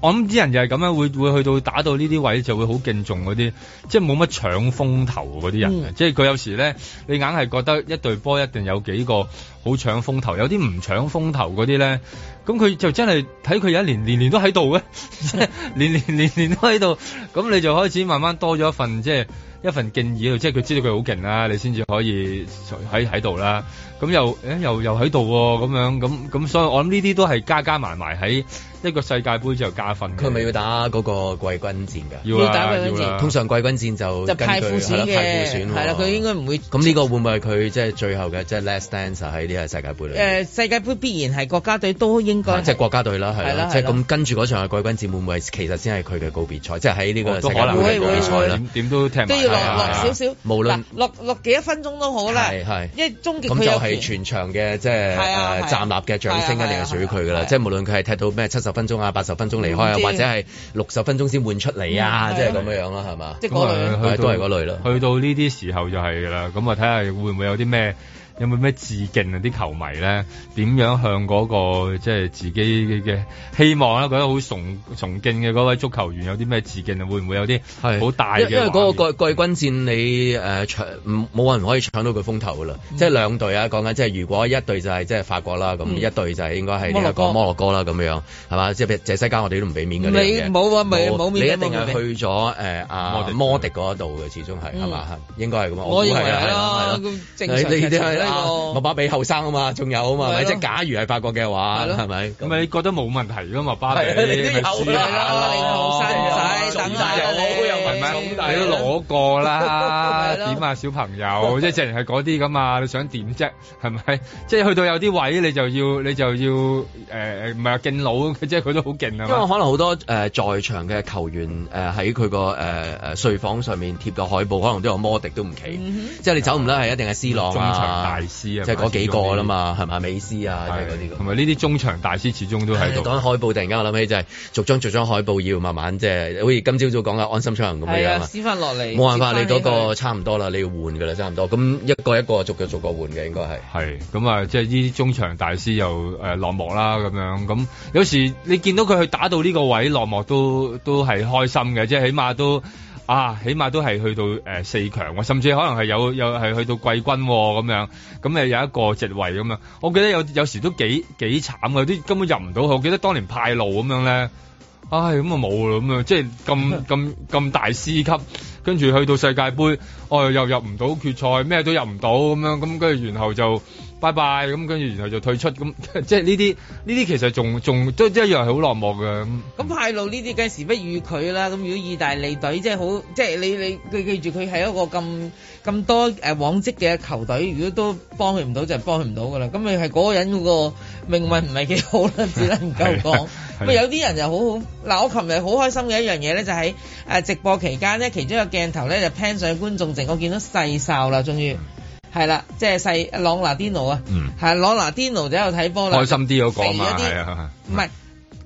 我諗啲人就係咁樣，會會去到打到呢啲位，就會好敬重嗰啲，即係冇乜搶風頭嗰啲人。即係佢有時咧，你硬係覺得一隊波一定有幾個好搶風頭，有啲唔搶風頭嗰啲咧。咁佢就真係睇佢有一年年年都喺度嘅，即係年年年年都喺度，咁你就開始慢慢多咗一份，即係。就是一份敬意，即係佢知道佢好勁啦，你先至可以喺喺度啦。咁又，誒又又喺度喎，咁樣咁咁，所以我諗呢啲都係加加埋埋喺呢個世界盃之後加分。佢咪要打嗰個季軍戰㗎？要啦，要啦，通常季軍戰就就太膚淺啦，佢應該唔會。咁呢個會唔會係佢即係最後嘅即係 last dance 喺呢個世界盃裡？誒，世界盃必然係國家隊都應該即係國家隊啦，係即係咁，跟住嗰場嘅季軍戰會唔會其實先係佢嘅告別賽？即係喺呢個可能會告別賽點都踢落少少，無論落落幾多分鐘都好啦，係，係，因為終結咁就係全場嘅即係站立嘅掌聲一定係屬於佢噶啦，即係無論佢係踢到咩七十分鐘啊、八十分鐘離開啊，或者係六十分鐘先換出嚟啊，即係咁樣樣啦，係嘛？即係嗰類，都係嗰類咯。去到呢啲時候就係啦，咁啊睇下會唔會有啲咩？有冇咩致敬啊？啲球迷咧，點樣向嗰個即係自己嘅希望啊，覺得好崇崇敬嘅嗰位足球員有啲咩致敬啊？會唔會有啲係好大嘅？因為嗰個季季軍戰你誒搶冇可能可以搶到佢風頭㗎啦。即係兩隊啊，講緊即係如果一隊就係即係法國啦，咁一隊就係應該係摩摩洛哥啦，咁樣係嘛？即係比這西間我哋都唔俾面㗎。你冇啊？冇，你一定係去咗誒阿摩迪嗰度嘅，始終係係嘛？應該係咁，我認為哦，麥巴比後生啊嘛，仲有啊嘛，咪即係假如係法國嘅話，係咪？咁你覺得冇問題咯，麥巴比，你啲後生，你後生，大唔大？好有文脈，你都攞過啦，點啊小朋友？即係淨係嗰啲咁啊，你想點啫？係咪？即係去到有啲位，你就要，你就要誒，唔係話勁老，即係佢都好勁啊。因為可能好多誒在場嘅球員誒喺佢個誒誒睡房上面貼個海報，可能都有摩迪都唔企，即係你走唔甩係一定係 C 朗啊。大師啊，即係嗰幾個啦嘛，係咪、嗯、美斯啊，是就係嗰啲。同埋呢啲中場大師始終都喺度。講海報突然間，我諗起就係逐張逐張海報要慢慢即係，好似今朝早講嘅安心出行咁嘅樣撕翻落嚟，冇辦法，你嗰個差唔多啦，你要換噶啦，差唔多。咁一個一個逐個逐個換嘅，應該係。係。咁啊，即係呢啲中場大師又誒、呃、落幕啦，咁樣。咁有時你見到佢去打到呢個位落幕都，都都係開心嘅，即係起碼都。啊，起碼都係去到誒、呃、四強、哦、甚至可能係有有係去到季軍咁樣，咁誒有一個席位咁樣。我記得有有時都幾幾慘嘅，啲根本入唔到。我記得當年派路咁樣咧，唉，咁啊冇咯，咁啊即係咁咁咁大師級，跟住去到世界盃，哦又入唔到決賽，咩都入唔到咁樣，咁跟住然後就。拜拜咁，跟住然後就退出咁、嗯，即係呢啲呢啲其實仲仲都一樣係好落寞嘅咁。咁派路呢啲梗係時不遇佢啦。咁如果意大利隊即係好即係你你你記住佢係一個咁咁多誒、啊、往績嘅球隊，如果都幫佢唔到就係幫佢唔到噶啦。咁你係嗰個人個命運唔係幾好啦，只能夠講。喂，有啲人就好好。嗱，我琴日好開心嘅一樣嘢咧，就喺、是、誒、啊、直播期間咧，其中一個鏡頭咧就 pin 上觀眾席，我見到細哨啦，終於。 *laughs* *laughs* *laughs* 係啦，即係細朗拿甸奴啊，係朗拿甸奴就喺度睇波啦，肥咗啲，唔係，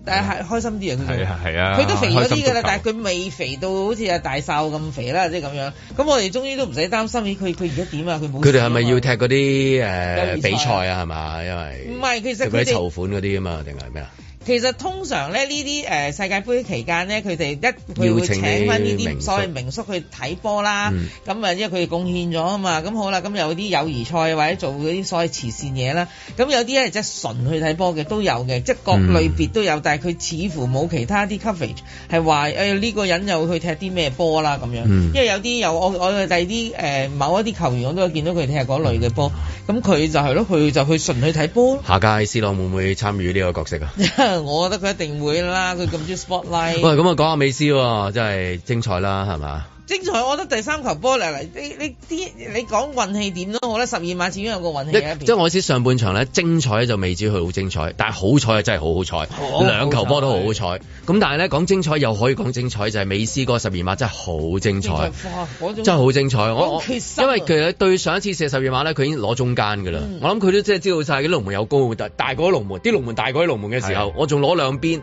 但係開心啲啊，佢都肥咗啲㗎啦，但係佢未肥到好似阿大秀咁肥啦，即係咁樣。咁我哋終於都唔使擔心，佢佢而家點啊？佢冇。佢哋係咪要踢嗰啲誒比賽啊？係嘛？因為唔係，其實佢哋籌款嗰啲啊嘛，定係咩啊？其實通常咧呢啲誒、呃、世界盃期間咧，佢哋一佢會請翻呢啲所謂名宿去睇波啦。咁啊、嗯，因為佢哋貢獻咗啊嘛。咁好啦，咁有啲友誼賽或者做嗰啲所謂慈善嘢啦。咁有啲咧即係純去睇波嘅都有嘅，即係各類別都有。嗯、但係佢似乎冇其他啲 coverage 係話誒呢、呃呢個人又去踢啲咩波啦咁樣。嗯、因為有啲有我我第二啲誒某一啲球員，我都會見到佢踢嗰類嘅波。咁佢、嗯、就係、是、咯，佢就去、是、純去睇波。下屆 C 朗會唔會參與呢個角色啊？ *laughs* 我覺得佢一定會啦，佢咁中意 spotlight。 *laughs* 喂，咁啊講下美斯喎，哦，真係精彩啦，係嘛？精彩，我覺得第三球波嚟嚟，你你啲你講運氣點都好覺十二碼始終有個運氣喺一邊。即係我意思，上半場咧精彩就未知佢好精彩，但係好彩係真係好好彩，哦、兩球波都好、哦、好彩。咁、嗯、但係咧講精彩又可以講精彩，就係、是、美斯個十二碼真係好精彩，精彩真係好精彩。啊、我因為其實對上一次射十二碼咧，佢已經攞中間㗎啦。嗯、我諗佢都即係知道晒啲龍門有高，大大過啲龍門，啲龍門大過啲龍門嘅時候，的我仲攞兩邊。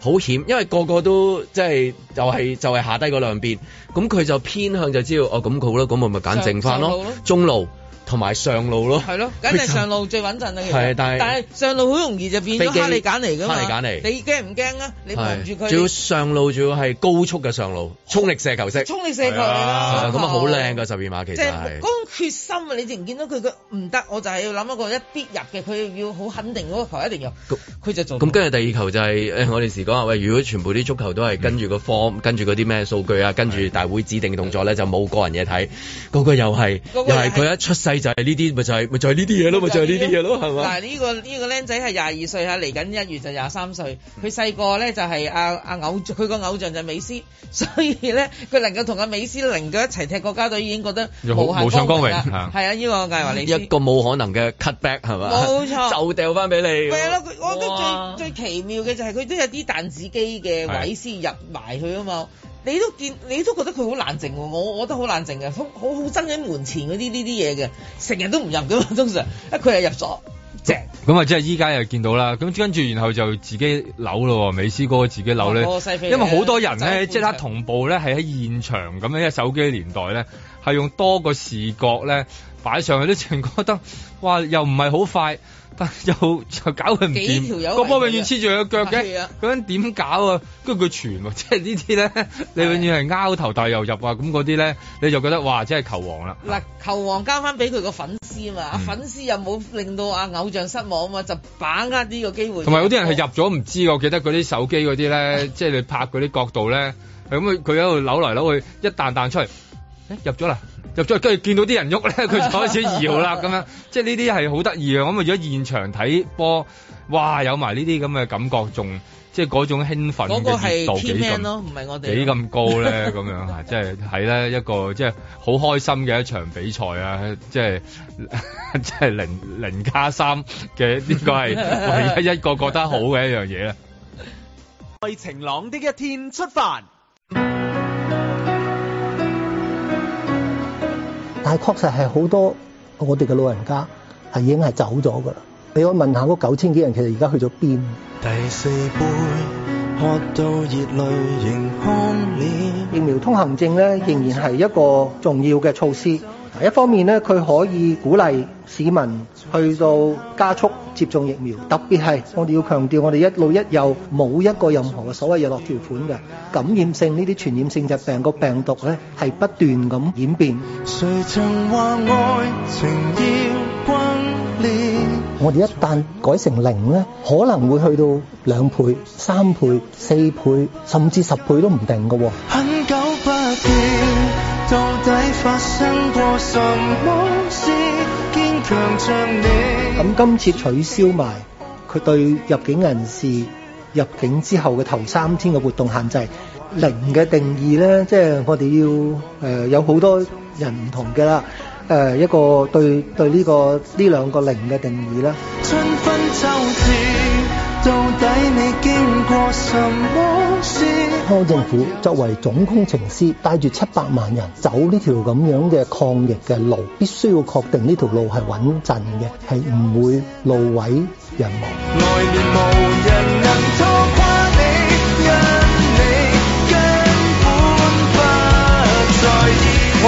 好險，因為個個都即係就係、係、就係、係、下低嗰兩邊，咁佢就偏向就知道哦，咁好啦，咁我咪揀淨翻咯，就就中路。同埋上路咯，係咯，梗係上路最穩陣啦。但係但係上路好容易就變咗哈利簡尼㗎，哈利簡尼。你驚唔驚啊？你防住佢。仲要上路仲要係高速嘅上路，衝力射球式，衝力射球嚟咁啊，好靚嘅十二碼，其實即係嗰決心啊！你唔見到佢佢唔得，我就係要諗一個一必入嘅，佢要好肯定嗰個球一定入。佢就做。咁跟住第二球就係誒，我哋時講啊，喂！如果全部啲足球都係跟住個 form，跟住嗰啲咩數據啊，跟住大會指定嘅動作咧，就冇個人嘢睇。嗰個又係又係佢一出世。就係呢啲，咪就係、係、咪就係呢啲嘢咯，咪就係呢啲嘢咯，係咪？嗱、啊，呢、呢個呢、呢個僆仔係廿二歲嚇，嚟緊一月就廿三歲。佢細個咧就係阿阿偶像，佢個偶像就係美斯，所以咧佢能夠同阿美斯能夠一齊踢國家隊，已經覺得好無上光榮嚇。係啊，呢個我話你一個冇可能嘅 cut back 係咪？冇錯， *laughs* 就掉翻俾你。係啊，哇我覺得最最奇妙嘅就係佢都有啲彈子機嘅位先入埋佢啊嘛。你都見，你都覺得佢好冷靜喎、哦，我我覺得好冷靜嘅，好好爭喺門前嗰啲呢啲嘢嘅，成日都唔入㗎嘛，通常一佢係入咗，正咁啊，即係依家又見到啦，咁跟住然後就自己扭咯，美斯哥自己扭咧， *music* 因為好多人咧即刻同步咧係喺現場咁樣，因手機年代咧係用多個視覺咧擺上去，都仲覺得哇，又唔係好快。 *laughs* 又又搞佢唔掂，條友，個波永遠黐住佢腳嘅，嗰陣點搞啊？跟住佢傳，即係呢啲咧，的你永遠係拗頭大又入啊！咁嗰啲咧，你就覺得哇，即係球王啦。嗱，球王交翻俾佢個粉絲啊嘛，嗯、粉絲又冇令到啊偶像失望啊嘛，就把握呢個機會。同埋有啲人係入咗唔知我記得嗰啲手機嗰啲咧， *laughs* 即係你拍嗰啲角度咧，係咁佢喺度扭嚟扭去，一彈彈，彈出嚟，哎、欸，入咗啦！入咗，跟住見到啲人喐咧，佢就開始搖啦咁 *laughs* 樣，即係呢啲係好得意啊。咁啊，如果現場睇波，哇，有埋呢啲咁嘅感覺，仲即係嗰種興奮度，嗰個係天平咯，唔係我哋幾咁高咧咁 *laughs* 樣啊！即係睇咧一個即係好開心嘅一場比賽啊！即係即係零零加三嘅呢、呢個係唯一一個覺得好嘅一樣嘢咧。 *laughs* 為晴朗的一天出發。但確實係好多我哋嘅老人家係已經係走咗㗎啦。畀我問下嗰九千幾人，其實而家去咗邊？第四杯，喝到熱淚盈眶。疫苗通行證咧，仍然係一個重要嘅措施。一方面咧，佢可以鼓勵市民去到加速接種疫苗，特別係我哋要強調，我哋一路一有冇一個任何嘅所謂日落條款嘅感染性呢啲傳染性疾病個病毒咧，係不斷咁演變。我哋一旦改成零咧，可能會去到兩倍、三倍、四倍，甚至十倍都唔定嘅喎。到底發生過什麼事，堅強著你？咁今次取消埋佢對入境人士入境之後嘅頭三天嘅活動限制。零嘅定義咧，即係我哋要誒、呃、有好多人唔同嘅啦，誒、呃、一個對對呢、呢個呢兩個零嘅定義咧。春分秋到底你經過什麼事？康政府作為總工程師，帶住七百萬人走呢條咁樣嘅抗疫嘅路，必須要確定呢條路係穩陣嘅，係唔會路毀人亡。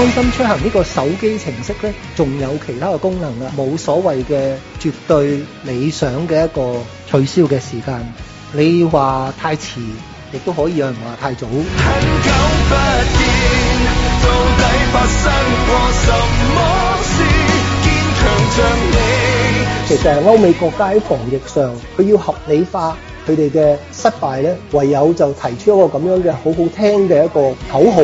安心出行呢個手機程式咧，仲有其他嘅功能啊，冇所謂嘅絕對理想嘅一個取消嘅時間。你話太遲，亦都可以有人話太早。其實係歐美國家喺防疫上，佢要合理化。佢哋嘅失敗咧，唯有就提出一個咁樣嘅好好聽嘅一個口號。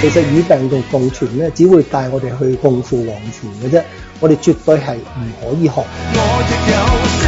其實與病毒共存咧，只會帶我哋去共赴黃泉嘅啫，我哋絕對係唔可以學。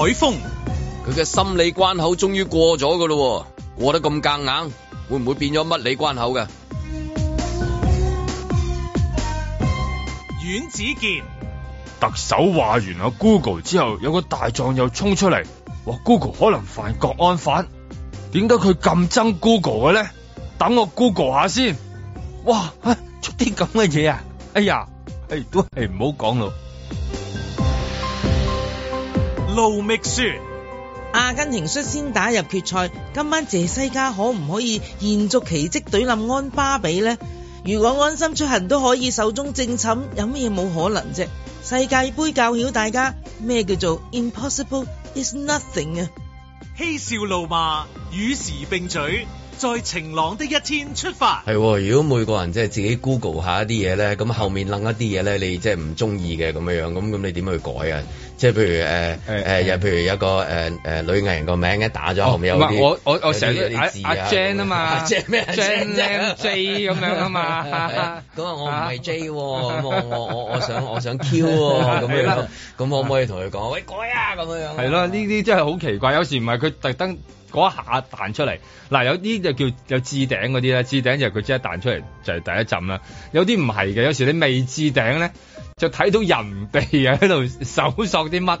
海風，佢嘅心理關口終於過咗噶咯，過得咁夾硬硬，會唔會變咗乜理關口噶？阮子健，特首話完阿 Google 之後，有個大狀又衝出嚟，話，Google 可能犯國安法，點解佢咁憎 Google 嘅咧？等我 Google 下先，哇，啊、出啲咁嘅嘢啊，哎呀，誒、哎，都係唔好講咯。哎路未輸，阿根廷率先打入決賽。今晚謝西加可唔可以延續奇蹟懟冧安巴比呢？如果安心出行都可以壽終正寢，有咩嘢冇可能啫？世界杯教曉大家咩叫做 impossible is nothing 啊！嬉笑怒罵與時並舉。在晴朗的一天出發。係，如果每個人即係自己 Google 下一啲嘢咧，咁後面掕一啲嘢咧，你即係唔中意嘅咁樣樣，咁咁你點去改啊？即係譬如誒誒，又譬如有一個誒誒女藝人個名一打咗後面有啲字啊。阿 Jane 啊嘛，Jane Jane J 咁樣噶嘛。咁啊，我唔係 J 喎，咁我我我我想我想 Q 喎，咁樣，咁可唔可以同佢講，喂，改啊？咁樣樣。係咯，呢啲真係好奇怪，有時唔係佢特登。嗰一下彈出嚟，嗱有啲就叫有置頂嗰啲咧，置頂就佢即刻彈出嚟就係第一陣啦。有啲唔係嘅，有時你未置頂咧，就睇到人哋喺度搜索啲乜，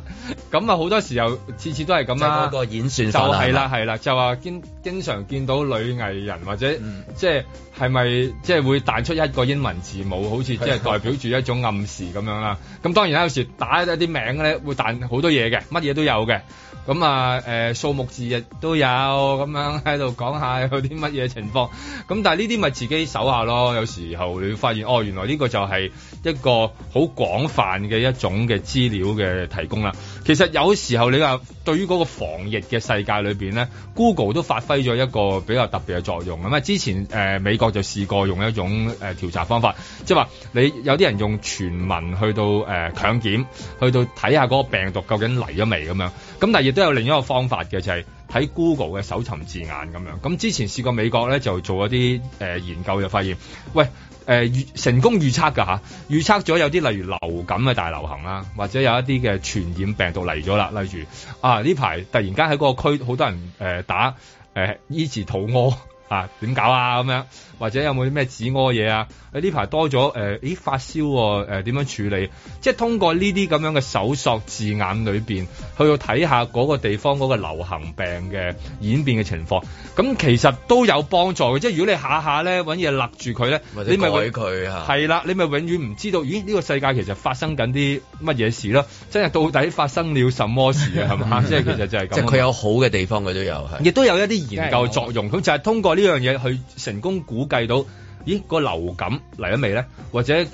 咁啊好多時候次次都係咁樣。個演算法，係啦，係吧啦，啦，就話經經常見到女藝人或者即係係咪即係會彈出一個英文字母，好似即係代表住一種暗示咁樣啦。咁 *laughs* 當然啦，有時打一啲名咧會彈好多嘢嘅，乜嘢都有嘅。咁啊，誒、嗯、數目字亦都有咁樣有，喺度講下，有啲乜嘢情況，咁但係呢啲咪自己搜下咯，有時候你會發現，哦，原來呢個就係一個好廣泛嘅一種嘅資料嘅提供啦。其實有時候你話對於個防疫嘅世界裏邊咧，Google 都發揮咗一個比較特別嘅作用。咁啊，之前誒、呃、美國就試過用一種誒調查方法，即係話你有啲人用全民去到誒強檢去到睇下個病毒究竟嚟咗未咁樣，咁但係。都有另一個方法嘅，就係睇 Google 嘅搜尋字眼咁樣。咁之前試過美國咧，就做一啲誒研究，就發現，喂誒預成功預測㗎吓，預測咗有啲例如流感嘅大流行啦，或者有一啲嘅傳染病毒嚟咗啦。例如啊，呢排突然間喺嗰個區好多人誒打誒醫治肚屙。啊，點搞啊咁樣？或者有冇啲咩止屙嘢啊？呢排多咗誒，咦、哎、發燒誒、啊、點、呃、樣處理？即係通過呢啲咁樣嘅搜索字眼裏邊，去到睇下嗰個地方嗰個流行病嘅演變嘅情況。咁、嗯嗯、其實都有幫助嘅。即係如果你下下咧搵嘢勒住佢咧，你咪佢啊？係啦，你咪永遠唔知道。咦？呢、呢個世界其實發生緊啲乜嘢事咯？即係到底發生了什麼事啊？係嘛？ *laughs* 即係其實就係咁。即係佢有好嘅地方，嘅都有亦都有，有一啲研究作用。佢就係、是、通過呢樣嘢，去成功估計到，咦，個流感嚟咗未咧？或者誒，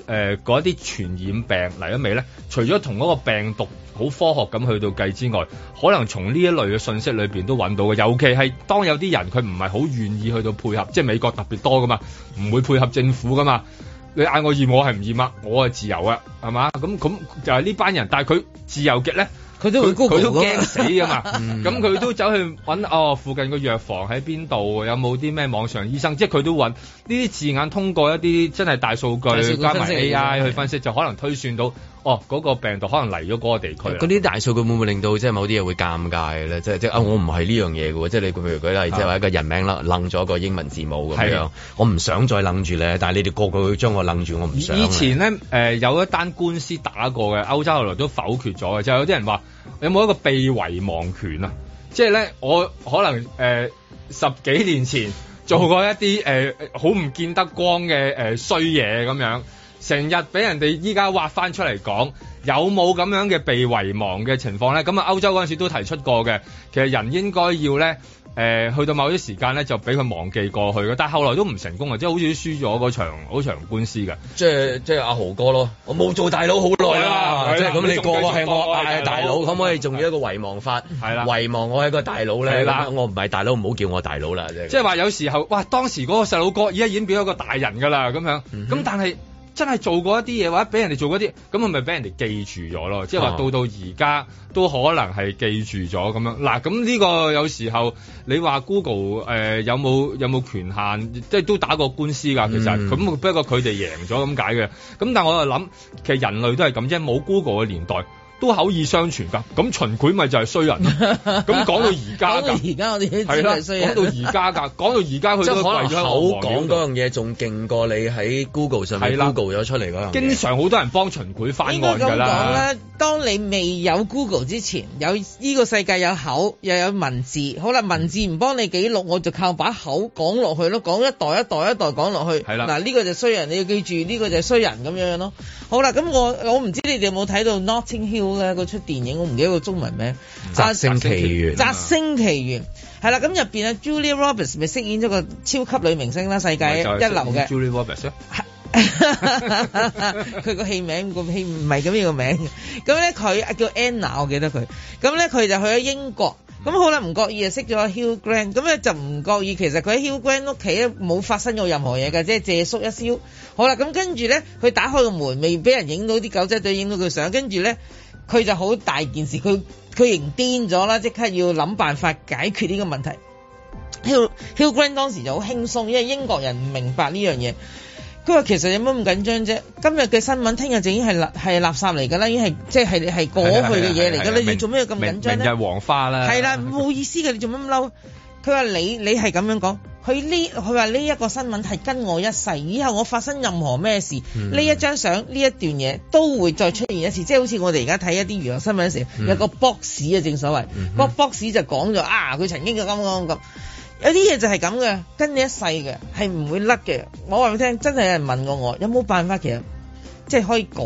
嗰啲傳染病嚟咗未咧？除咗同嗰個病毒好科學咁去到計之外，可能從呢一類嘅信息裏邊都揾到嘅。尤其係當有啲人佢唔係好願意去到配合，即係美國特別多噶嘛，唔會配合政府噶嘛。你嗌我驗，我係唔驗嘛，我係自由啊，係嘛？咁咁就係呢班人，但係佢自由極咧。佢都會，佢 Go 都驚死噶嘛。咁佢都走去揾哦，附近嘅藥房喺邊度？有冇啲咩網上醫生？即係佢都揾呢啲字眼，通過一啲真係大數據，大數據加埋 AI 去分析，的就可能推算到。哦，嗰、那個病毒可能嚟咗嗰個地區。嗰啲大數據會唔會令到即係某啲嘢會尷尬嘅咧？即係即係啊！我唔係呢樣嘢嘅喎，即係你譬如舉例，啊、即係話一個人名啦，濫咗個英文字母咁樣，的我唔想再濫住咧。但係你哋個個都將我濫住，我唔想。以前咧，誒、呃、有一單官司打過嘅，歐洲後來都否決咗嘅，就係、是、有啲人話有冇一個被遺忘權啊？即係咧，我可能誒、呃、十幾年前做過一啲誒好唔見得光嘅誒衰嘢咁樣。成日俾人哋依家挖翻出嚟講，有冇咁樣嘅被遺忘嘅情況咧？咁啊，歐洲嗰陣時都提出過嘅。其實人應該要咧，誒，去到某啲時間咧，就俾佢忘記過去嘅。但係後來都唔成功啊，即係好似輸咗嗰場官司噶。即係即係阿豪哥咯，我冇做大佬好耐啦。即係咁，你個個係我大佬，可唔可以仲要一個遺忘法？係啦，遺忘我係一個大佬咧。係啦，我唔係大佬，唔好叫我大佬啦。即係話有時候，哇，當時嗰個細佬哥依家已經變咗個大人噶啦，咁樣咁，但係。真係做過一啲嘢，或者俾人哋做嗰啲，咁我咪俾人哋記住咗咯。即係話到到而家都可能係記住咗咁樣。嗱，咁呢個有時候你話 Google 誒、呃、有冇有冇權限，即係都打過官司㗎。其實咁不過佢哋贏咗咁解嘅。咁但係我就諗，其實人類都係咁啫，冇 Google 嘅年代。都口耳相傳㗎，咁秦檜咪就係衰人？咁講到而家㗎，講到而家我哋係啦，講到而家㗎，講到而家佢都為咗口講嗰樣嘢，仲勁過你喺 Google 上面 Google 咗出嚟嗰樣嘢。經常好多人幫秦檜翻案㗎啦。當你未有 Google 之前，有呢個世界有口又有文字，好啦，文字唔幫你記錄，我就靠把口講落去咯，講一代一代一代講落去。係啦，嗱呢個就衰人，你要記住呢個就係衰人咁樣樣咯。好啦，咁我我唔知你哋有冇睇到 Notting Hill。嗰出電影我唔記得個中文名《摘星奇緣》啊。摘星奇緣係啦，咁入邊啊 Julia Roberts 咪飾演咗個超級女明星啦，世界一流嘅 *laughs* Julia Roberts。佢個 *laughs* *laughs* 戲名個戲唔係咁樣個名。咁咧佢叫 Anna，我記得佢。咁咧佢就去咗英國。咁、嗯、好啦，唔覺意啊識咗啊 Hugh Grant 咁咧就唔覺意，其實佢喺 Hugh Grant 屋企咧冇發生到任何嘢嘅，即係、嗯、借宿一宵。好啦，咁跟住咧佢打開個門，未俾人影到啲狗仔隊影到佢相。跟住咧。佢就好大件事，佢佢仍癲咗啦，即刻要諗辦法解決呢個問題。Hugh Hugh Grant 當時就好輕鬆，因為英國人唔明白呢樣嘢。佢話其實有乜咁緊張啫？今日嘅新聞，聽日就已經係垃係垃，垃圾嚟噶啦，已經係即係係過去嘅嘢嚟噶啦，你做咩咁緊張咧？明日黃花啦，係啦，冇意思嘅，你做乜咁嬲？佢話你你係咁樣講。佢呢？佢話呢一個新聞係跟我一世，以後我發生任何咩事，呢、嗯、一張相呢一段嘢都會再出現一次。即係好似我哋而家睇一啲娛樂新聞時候，嗯、有個 box 啊，正所謂、嗯、哼個 box 就講咗啊，佢曾經嘅咁咁咁。有啲嘢就係咁嘅，跟你一世嘅係唔會甩嘅。我話畀你聽，真係有人問過我，有冇辦法其實即係可以改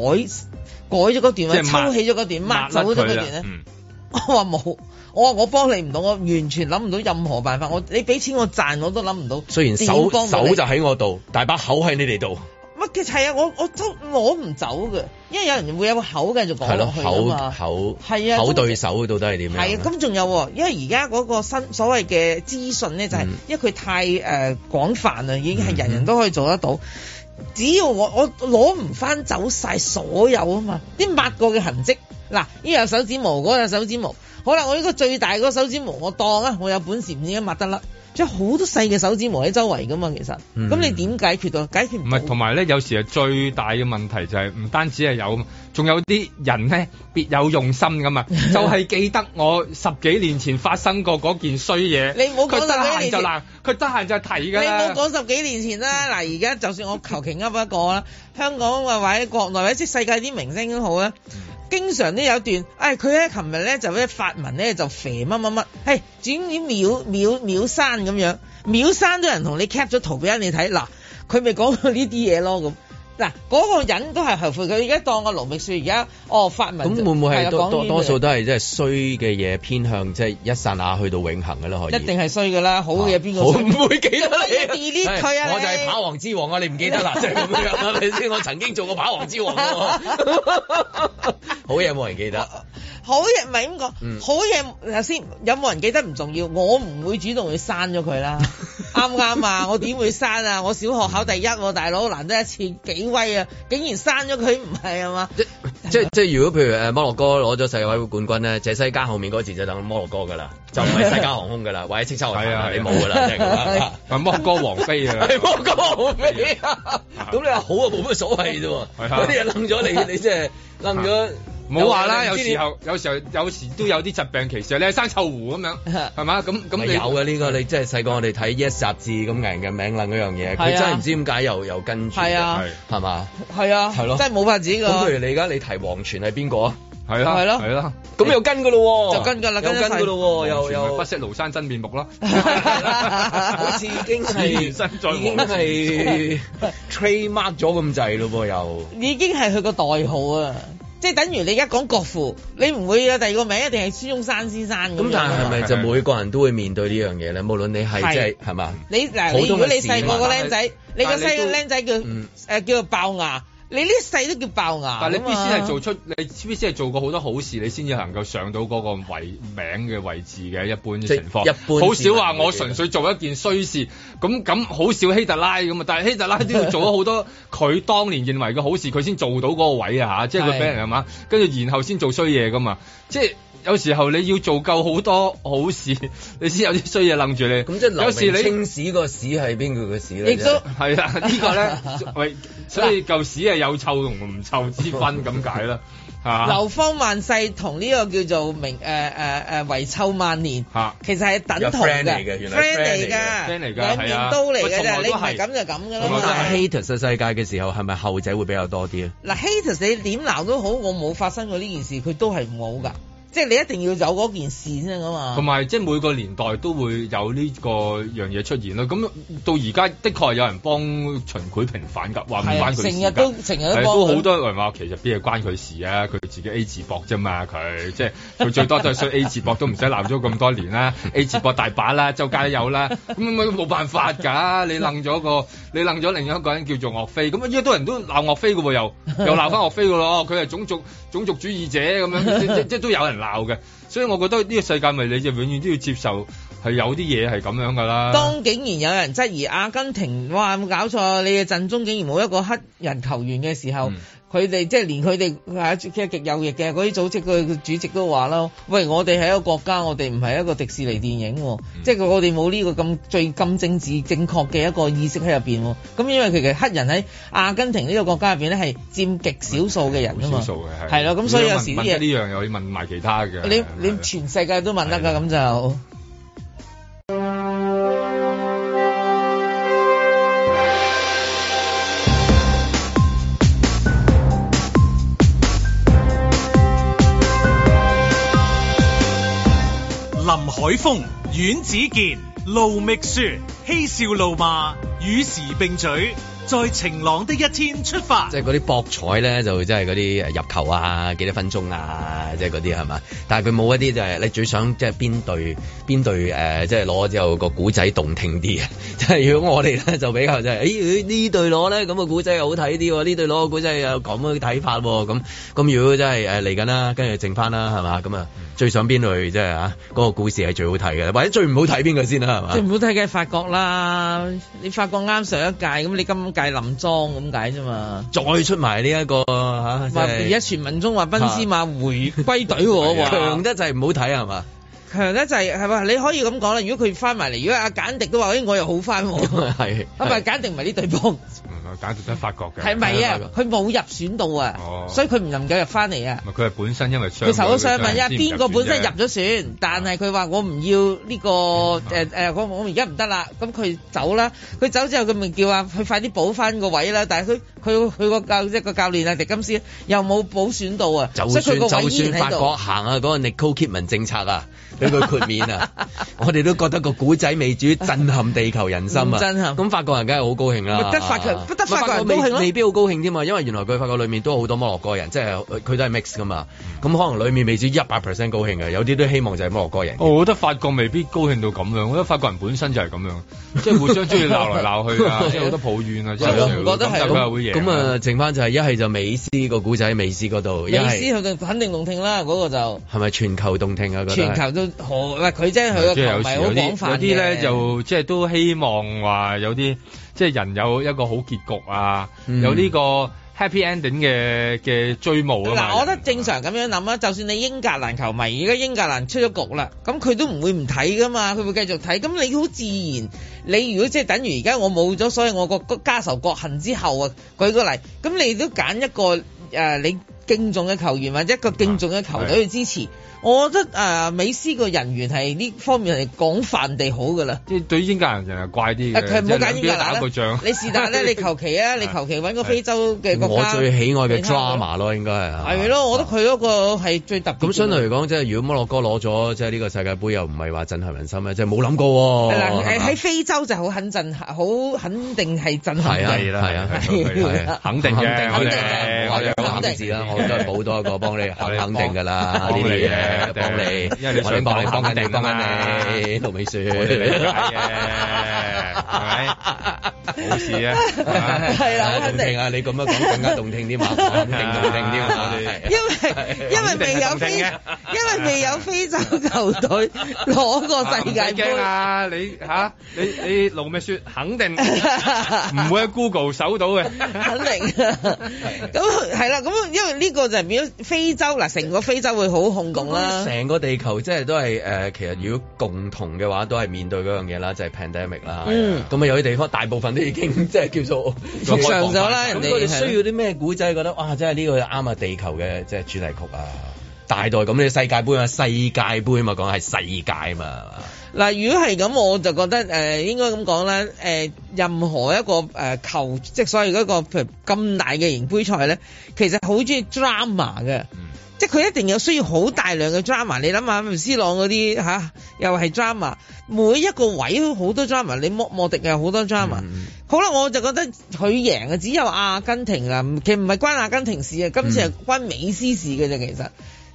改咗嗰段嘢，抽起咗嗰段，抹走咗嗰段咧？嗯、 *laughs* 我話冇。我話我幫你唔到，我完全諗唔到任何辦法。我你俾錢我賺，我都諗唔到。雖然手手就喺我度，大把口喺你哋度。其實係啊？我我都攞唔走嘅，因為有人會有口繼續講落去係咯，口口係啊，口對手到底係點樣啊？係啊，咁仲有，因為而家嗰個新所謂嘅資訊咧，就係因為佢太誒廣泛啦，已經係人人都可以做得到。嗯嗯，只要我我攞唔翻走晒所有啊嘛，啲抹過嘅痕跡，嗱，呢、這個、有手指模，嗰、這個、有手指模，好啦，我呢個最大嗰手指模，我當啊，我有本事唔知點抹得甩，即係好多細嘅手指模喺周圍噶嘛，其實。咁、嗯、你點解決到？解決唔係同埋咧，有時啊，最大嘅問題就係、是、唔單止係有仲有啲人咧別有用心噶嘛， *laughs* 就係記得我十幾年前發生過嗰件衰嘢。你唔好講十幾年就難，佢得閒就提噶。你唔好講十幾年前啦，嗱，而家就，啊、 *laughs* 就算我求其噏一個啦， *laughs* 香港啊，或者國內或者世界啲明星都好啊。經常都有段，誒佢喺琴日咧就咧發文咧就肥乜乜乜，係轉轉秒秒秒刪咁樣，秒刪都有人同你 cap 咗圖俾人你睇，嗱佢咪講到呢啲嘢咯咁。嗱，嗰個人都係後悔，佢而家當個盧秘書而家哦發文咁會唔會係多多數都係即係衰嘅嘢，偏向即係一剎那去到永恆嘅咧？可以一定係衰嘅啦，好嘅嘢邊個會唔會記得你？我就係跑王之王啊！你唔記得啦？即係咁樣，你知，我曾經做過跑王之王，好嘢冇人記得。好嘢唔係咁講，好嘢頭先有冇人記得唔重要，我唔會主動去刪咗佢啦，啱唔啱啊？我點會刪啊？我小學考第一，啊，大佬難得一次，幾威啊！竟然刪咗佢，唔係啊嘛？即即即如果譬如誒摩洛哥攞咗世界杯冠軍咧，這西加後面嗰字就等摩洛哥噶啦，就唔係西加航空噶啦， *laughs* 或者青洲航啊，你冇噶啦，係摩洛哥王妃啊，係、啊 *laughs* 啊、摩哥王妃，咁你話好啊，冇乜 *laughs* 所謂啫，有啲嘢冧咗你，你即係冧咗。 *laughs* 冇話啦，有時候有時候有時都有啲疾病歧視，你係生臭狐咁樣，係嘛？咁咁有嘅呢個，你真係細個我哋睇《yes》雜誌咁人嘅名愣嗰樣嘢，佢真係唔知點解又又跟住係啊，係嘛？係啊，係咯，真係冇法子噶。咁譬如你而家你提黃泉係邊個啊？係啊，係咯，係咯，咁又跟噶咯，就跟噶啦，又跟噶咯，又又不識廬山真面目啦，好似已經係已經係 trade mark 咗咁滯咯，又已經係佢個代號啊。即係等於你而家講國父，你唔會有第二個名，一定係孫中山先生咁。咁但係咪就每個人都會面對呢樣嘢咧？無論你係即係係嘛？你嗱，如果你細個個僆仔，你個細個僆仔叫誒叫做爆牙。你呢世都叫爆牙、啊，但係你必須係做出，你必須係做過好多好事，你先至能夠上到嗰個位名嘅位置嘅。一般情況，好少話我純粹做一件衰事，咁咁、嗯、好少希特拉咁啊！但係希特拉都要做咗好多佢當年認為嘅好事，佢先 *laughs* 做到嗰個位啊嚇！即係佢俾人係嘛，跟住是然後先做衰嘢噶嘛，即係。有時候你要做夠好多好事，你先有啲衰嘢楞住你。咁即係留名青史，史個史係邊個嘅史咧？係啦，呢個咧，所以舊史係有臭同唔臭之分咁解啦，係流芳萬世同呢個叫做名誒誒誒遺臭萬年，其實係等同嘅 friend 嚟嘅，friend 嚟嘅兩面刀嚟嘅啫。啊、你唔係咁就咁嘅啦。但喺是 haters 是世界嘅時候，係咪後者會比較多啲咧？嗱，haters 你點鬧都好，我冇發生過呢件事，佢都係冇噶。嗯即係你一定要有嗰件事先啊嘛！同埋即係每個年代都會有呢個樣嘢出現咯。咁、嗯、到而家的確有人幫秦檜平反㗎，話唔關佢事。成日都好多人都話其實邊係關佢事啊？佢自己 A 字博啫嘛，佢即係佢最多都係衰 A 字博都唔使鬧咗咁多年啦、啊、 *laughs* ，A 字博大把啦，周街都有啦，咁咪冇辦法㗎？你楞咗個你楞咗另一個人叫做岳飛，咁依家多人都鬧岳飛㗎喎，又又鬧翻岳飛㗎咯，佢係種族種族主義者咁樣，即即，即都有人。鬧嘅，所以我覺得呢個世界咪你就永遠都要接受，係有啲嘢係咁樣噶啦。當竟然有人質疑阿根廷，哇！有冇搞錯？你嘅陣中竟然冇一個黑人球員嘅時候。嗯佢哋即係連佢哋係即係極右翼嘅嗰啲組織嘅主席都話啦，喂，我哋係一個國家，我哋唔係一個迪士尼電影。哦，嗯、即係我哋冇呢個咁最金政治正確嘅一個意識喺入邊。咁因為其實黑人喺阿根廷呢個國家入邊咧係佔極少數嘅人啊嘛，係咯、嗯，咁所以有時呢樣又要問埋其他嘅。你你全世界都問得噶咁的就。海峰、阮子健、盧覓雪嬉笑怒罵，與時並嘴，在晴朗的一天出發。即係嗰啲博彩咧，就即係嗰啲入球啊，幾多分鐘啊，即係嗰啲係嘛。但係佢冇一啲就係你最想即係邊隊邊隊誒，即係攞之後個古仔動聽啲啊！即 *laughs* 係如果我哋咧就比較即係誒呢隊攞咧，咁個古仔又好睇啲。呢隊攞個古仔又有咁嘅睇法啊。咁咁如果真係誒嚟緊啦，跟，呃、住剩翻啦，係嘛咁啊。最上邊去即係嚇，嗰、就是啊那個故事係最好睇嘅，或者最唔好睇邊個先啦，係嘛？最唔好睇嘅係法國啦，你法國啱上一屆，咁你今屆冧莊咁解啫嘛。再出埋呢、這個啊就是、一個嚇，而家傳聞中話賓斯馬回歸隊， *laughs* 強得就係唔好睇係嘛？強咧就係係咪？你可以咁講啦。如果佢翻埋嚟，如果阿簡迪都話，哎，我又好翻喎。係，唔係簡迪唔係呢隊幫。唔簡迪得法國嘅。係咪啊？佢冇入選到啊，所以佢唔能夠入翻嚟啊。咪佢係本身因為佢受咗傷，問下邊個本身入咗選，但係佢話我唔要呢個誒誒，我而家唔得啦。咁佢走啦，佢走之後佢咪叫啊，佢快啲補翻個位啦。但係佢佢佢個教即係個教練阿迪金斯又冇補選到啊，所以佢個位依喺度。就算法國行下嗰個逆扣 keep 政策啊！俾佢豁免啊！我哋都覺得個古仔未至於震撼地球人心啊！真嚇咁法國人梗係好高興啦嘛！得法國人高興，未必好高興添嘛？因為原來佢法國裏面都有好多摩洛哥人，即係佢都係 mix 㗎嘛。咁可能裏面未至於一百 percent 高興啊，有啲都希望就係摩洛哥人。我覺得法國未必高興到咁樣，我覺得法國人本身就係咁樣，即係互相中意鬧來鬧去啊，即係覺得抱怨啊，即係覺得唔得啊會贏。咁啊，剩翻就係一係就美斯個古仔，美斯嗰度，美斯佢肯定動聽啦，嗰個就係咪全球動聽啊？全球都。何唔佢即係佢嘅球迷好廣泛。嗰啲咧就即係都希望話有啲即係人有一個好結局啊，嗯、有呢個 happy ending 嘅嘅追慕啊。嗱，我覺得正常咁樣諗啊，就算你英格蘭球迷而家英格蘭出咗局啦，咁佢都唔會唔睇噶嘛，佢會繼續睇。咁你好自然，你如果即係等於而家我冇咗，所以我個個家仇國恨之後啊，舉個例，咁你都揀一個誒、啊、你。敬重嘅球員或者一個敬重嘅球隊去支持，我覺得誒美斯個人緣係呢方面係廣泛地好噶啦。即係對於英格蘭人係怪啲。誒，佢冇揀英格蘭啦。個你是但咧，你求其啊，你求其揾個非洲嘅國家。我最喜愛嘅 Drama 咯，應該係。係咯，我覺得佢嗰個係最特別。咁相對嚟講，即係如果摩洛哥攞咗，即係呢個世界盃又唔係話震撼人心咧，即係冇諗過。係啦，喺非洲就好肯震好肯定係震撼嘅。係啦，係啊，肯定肯定肯定啦，應該冇多一個幫你肯定噶啦，呢啲嘢幫你，你哋幫你幫緊你㗎啦，老尾鼠。係嘅，係冇事啊！係啦，動聽啊！你咁樣講更加動聽啲嘛，肯定動聽啲嘛。因為未有非，因為未有非洲球隊攞過世界杯 *laughs* 啊。啊！你吓你你龍咩雪？肯定唔會喺 Google 搜到嘅。肯定。咁係啦，咁、啊、因為呢個就係非洲嗱，成個非洲會好共融啦。成、嗯、個地球即係都係誒，其實如果共同嘅話，都係面對嗰樣嘢啦，就係 pandemic 啦。咁啊、嗯嗯，嗯、有啲地方大部分都已經即係叫做上咗啦。人哋需要啲咩古仔？覺得哇，即係呢個啱啊！地球嘅即係曲啊，大代咁你世界盃啊，世界盃啊嘛，講係世界啊嘛。嗱，如果係咁，我就覺得誒、呃，應該咁講啦。誒、呃，任何一個誒、呃、球，即係所謂嗰個譬如咁大嘅型盃賽咧，其實好中意 drama 嘅，嗯、即係佢一定有需要好大量嘅 drama。你諗下，C 朗嗰啲吓，又係 drama。每一個位都好多 drama，你莫莫迪又好多 drama、嗯。好啦，我就覺得佢贏嘅只有阿根廷啦，其實唔係關阿根廷事啊，今次係關美斯事嘅啫，其實，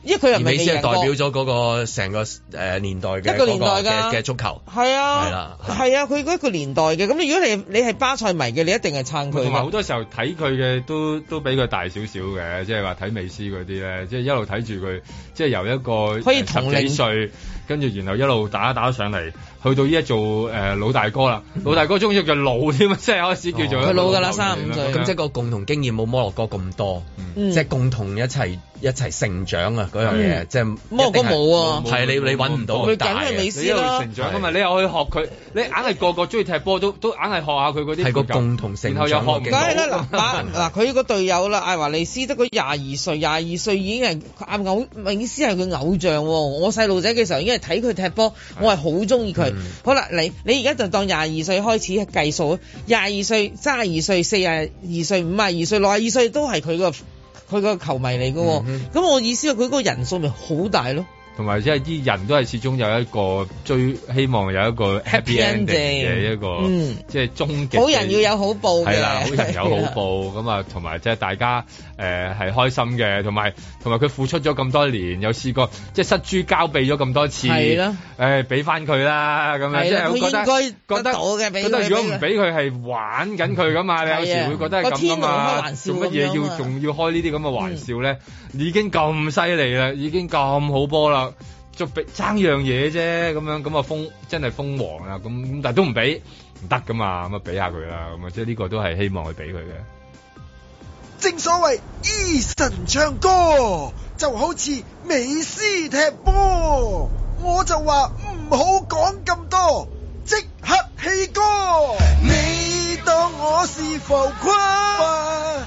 因為佢又唔係。而美斯代表咗嗰個成個誒年代嘅一個年代嘅足球。係啊，係啦，係啊，佢嗰個年代嘅。咁如果你你係巴塞迷嘅，你一定係撐佢。好多時候睇佢嘅都都比佢大少少嘅，即係話睇美斯嗰啲咧，即係一路睇住佢，即係由一個十幾歲，跟住然後一路打打上嚟。去到依家做誒老大哥啦，老大哥中意叫老添啊，即係開始叫做佢老㗎啦，三五歲咁即係個共同經驗冇摩洛哥咁多，即係共同一齊一齊成長啊嗰樣嘢，即係摩洛哥冇啊，係你你搵唔到佢大，你又成長㗎嘛，你又去學佢，你硬係個個中意踢波都都硬係學下佢嗰啲，係個共同成長，梗係啦嗱嗱佢個隊友啦，艾華利斯得個廿二歲廿二歲已經係佢偶像，美斯係佢偶像喎，我細路仔嘅時候已經係睇佢踢波，我係好中意佢。好啦，你你而家就當廿二歲開始計數啊，廿二歲、卅二歲、四廿二歲、五廿二歲、六廿二歲都係佢個佢個球迷嚟嘅，喔，咁、嗯、哼我意思佢個人數咪好大咯。同埋即係啲人都係始終有一個最希望有一個 happy ending 嘅一個，即係終極。好人要有好報，係啦好人有好報，咁啊，同埋即係大家誒係開心嘅，同埋同埋佢付出咗咁多年，有試過即係失諸交臂咗咁多次。係咯，誒俾翻佢啦，咁樣即係我覺得。佢應該得到嘅，俾佢。佢如果唔俾佢係玩緊佢咁嘛？你有時會覺得係咁噶嘛？做乜嘢要仲要開呢啲咁嘅玩笑咧？已經咁犀利啦，已經咁好波啦。就俾爭樣嘢啫，咁樣咁啊，封真係封王啦。咁但係都唔俾唔得噶嘛，咁啊俾下佢啦。咁啊，即係呢個都係希望去俾佢嘅。正所謂，Eason 唱歌就好似美斯踢波，我就話唔好講咁多，即刻起歌。你當我是浮誇，啊？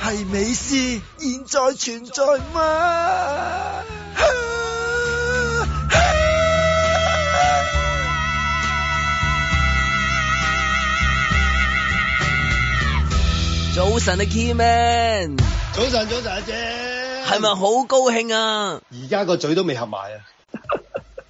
係美事，現在存在嗎？ *laughs* 早晨啊，Kman。早晨，早晨，阿姐。係咪好高興啊？而家個嘴都未合埋啊。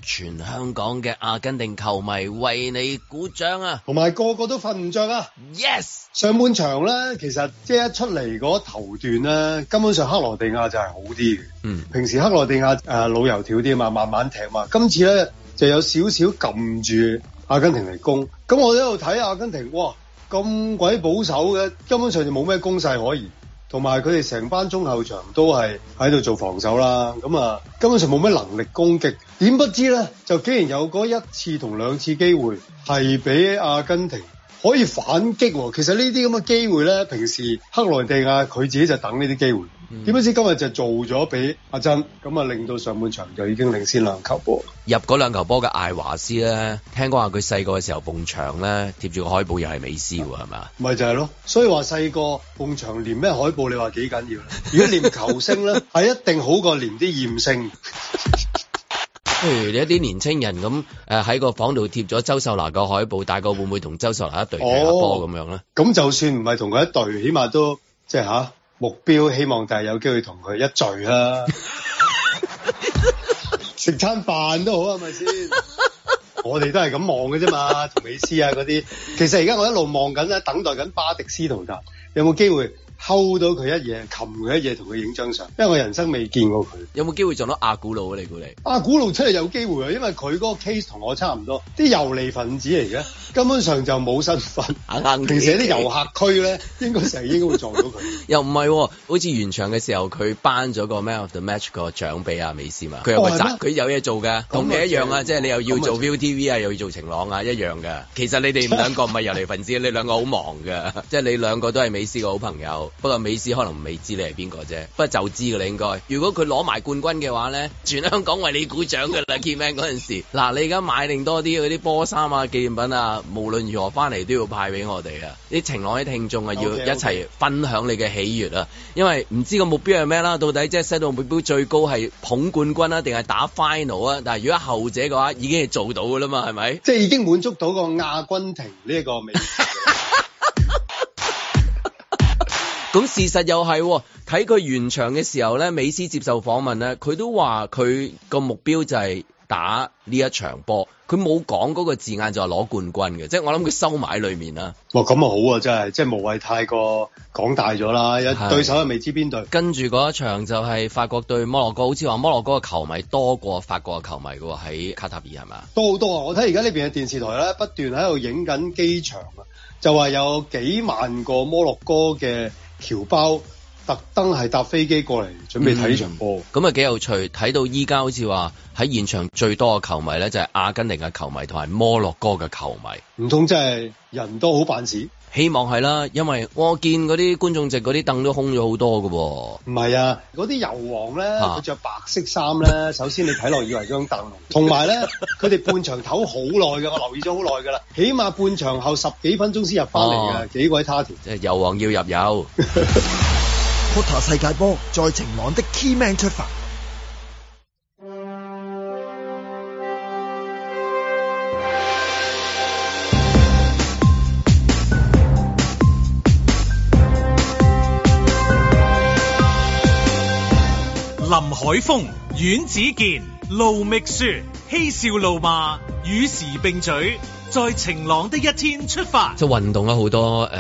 全香港嘅阿根廷球迷為你鼓掌啊！同埋個個都瞓唔着啊！Yes，上半場咧，其實即係一出嚟嗰頭段咧，根本上克羅地亞就係好啲嘅。嗯，平時克羅地亞誒、呃、老油條啲啊嘛，慢慢踢嘛。今次咧就有少少撳住阿根廷嚟攻。咁、嗯、我喺度睇阿根廷，哇，咁鬼保守嘅，根本上就冇咩攻勢可言。同埋佢哋成班中後場都係喺度做防守啦，咁啊根本上冇咩能力攻擊，點不知咧就竟然有嗰一次同兩次機會係俾阿根廷可以反擊喎。其實呢啲咁嘅機會咧，平時克羅地亞佢自己就等呢啲機會。點不知今日就做咗俾阿珍，咁啊令到上半場就已經領先兩球波。入嗰兩球波嘅艾華斯咧，聽講話佢細個嘅時候碰牆咧，貼住個海報又係美斯喎，係嘛？咪就係咯，所以話細個碰牆連咩海報，你話幾緊要？如果連球星咧，係一定好過連啲艷星。譬如你一啲年青人咁，誒喺個房度貼咗周秀娜個海報，大概會唔會同周秀娜一隊踢下波咁樣咧？咁就算唔係同佢一隊，起碼都即係吓。目標希望就係有機會同佢一聚啦、啊， *laughs* *laughs* 食餐飯都好係咪先？我哋都係咁望嘅啫嘛，同美斯啊嗰啲。其實而家我一路望緊咧，等待緊巴迪斯圖達有冇機會？偷到佢一嘢，擒佢一嘢，同佢影張相，因為我人生未見過佢。有冇機會撞到阿古路啊？你估你？阿古路真係有機會啊，因為佢嗰個 case 同我差唔多，啲游離分子嚟嘅，根本上就冇身份。啊，平時啲遊客區咧， *laughs* 應該成日應該會撞到佢。又唔係、哦，好似完場嘅時候，佢頒咗個咩啊？Man of the Match 個獎俾阿美斯嘛，佢、哦、有佢嗎有嘢做嘅，同你一樣啊，即係你又要做 ViuTV 啊，又要做晴朗啊，一樣嘅。其實你哋兩個唔係游離分子， *laughs* 你兩個好忙嘅，即係你兩個都係美斯個好朋友。不過美斯可能未知你係邊個啫，不過就知嘅你應該。如果佢攞埋冠軍嘅話咧，全香港為你鼓掌嘅啦，key man 嗰陣時。嗱，你而家買定多啲嗰啲波衫啊、紀念品啊，無論如何翻嚟都要派俾我哋啊！啲晴朗啲聽眾啊，要 okay, okay. 一齊分享你嘅喜悅啊！因為唔知個目標係咩啦，到底即係 set 到目標最高係捧冠軍啊，定係打 final 啊？但係如果後者嘅話，已經係做到嘅啦嘛，係咪？即係已經滿足到個亞軍庭呢一個美。咁事實又係睇佢完場嘅時候咧，美斯接受訪問咧，佢都話佢個目標就係打呢一場波，佢冇講嗰個字眼就係攞冠軍嘅，即係我諗佢收埋喺裏面啊。哇、哦，咁啊好啊，真係即係無謂，太過講大咗啦。有對手又未知邊隊。跟住嗰一場就係法國對摩洛哥，好似話摩洛哥嘅球迷多過法國嘅球迷嘅喎，喺卡塔爾係嘛？多好多啊！我睇而家呢邊嘅電視台咧，不斷喺度影緊機場啊，就話有幾萬個摩洛哥嘅。喬包特登係搭飛機過嚟準備睇呢場波，咁啊幾有趣！睇到依家好似話喺現場最多嘅球迷咧，就係阿根廷嘅球迷同埋摩洛哥嘅球迷，唔通真係人多好辦事？希望係啦，因為我見嗰啲觀眾席嗰啲凳都空咗好多嘅、哦。唔係啊，嗰啲油王咧，佢着、啊、白色衫咧，首先你睇落以為張凳。同埋咧，佢哋 *laughs* 半場唞好耐嘅，我留意咗好耐噶啦，起碼半場後十幾分鐘先入翻嚟啊。幾鬼他條。即係油王要入油。p u t a 世界波，在晴朗的 Keyman 出發。林海峰、阮子健、盧覓雪，嬉笑怒罵，與時並舉。在晴朗的一天出發，即係運動咧，好多誒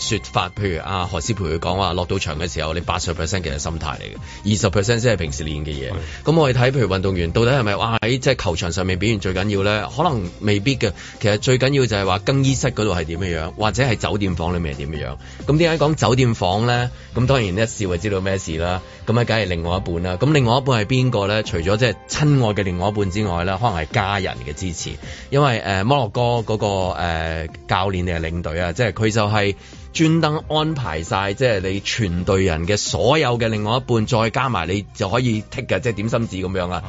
説、呃、法，譬如阿、啊、何詩蓓佢講話，落到場嘅時候，你八十 percent 其實係心態嚟嘅，二十 percent 先係平時練嘅嘢。咁的、嗯、我哋睇譬如運動員到底係咪話喺即係球場上面表現最緊要咧？可能未必嘅，其實最緊要就係話更衣室嗰度係點樣樣，或者係酒店房裡面係點樣樣。咁點解講酒店房咧？咁當然一笑就知道咩事啦。咁啊，梗係另外一半啦。咁另外一半係邊個咧？除咗即係親愛嘅另外一半之外咧，可能係家人嘅支持，因為誒、呃哥嗰、那個誒、呃、教練定係領隊啊，即係佢就係、是。專登安排晒，即係你全隊人嘅所有嘅另外一半，再加埋你就可以剔嘅，即係點心紙咁樣啊！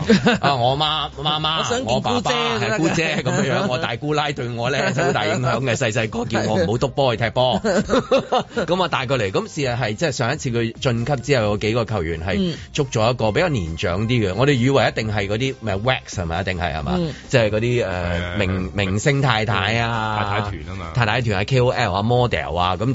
我媽、媽媽、我爸爸姑姐咁樣，我大姑奶對我咧真好大影響嘅。細細個叫我唔好督波去踢波。咁啊帶過嚟，咁事實係即係上一次佢晉級之後，有幾個球員係捉咗一個比較年長啲嘅。我哋以為一定係嗰啲咩 rex 係咪一定係係嘛？即係嗰啲誒明明星太太啊，太太團啊嘛，太太團啊 K O L 啊 model 啊咁。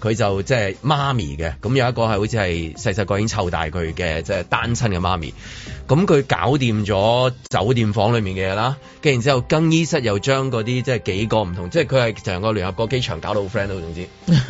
佢就即係媽咪嘅，咁有一個係好似係細細個已經湊大佢嘅，即係單親嘅媽咪。咁佢搞掂咗酒店房裏面嘅嘢啦，跟住然之後更衣室又將嗰啲即係幾個唔同，即係佢係成個聯合國機場搞到好 friend 都，總之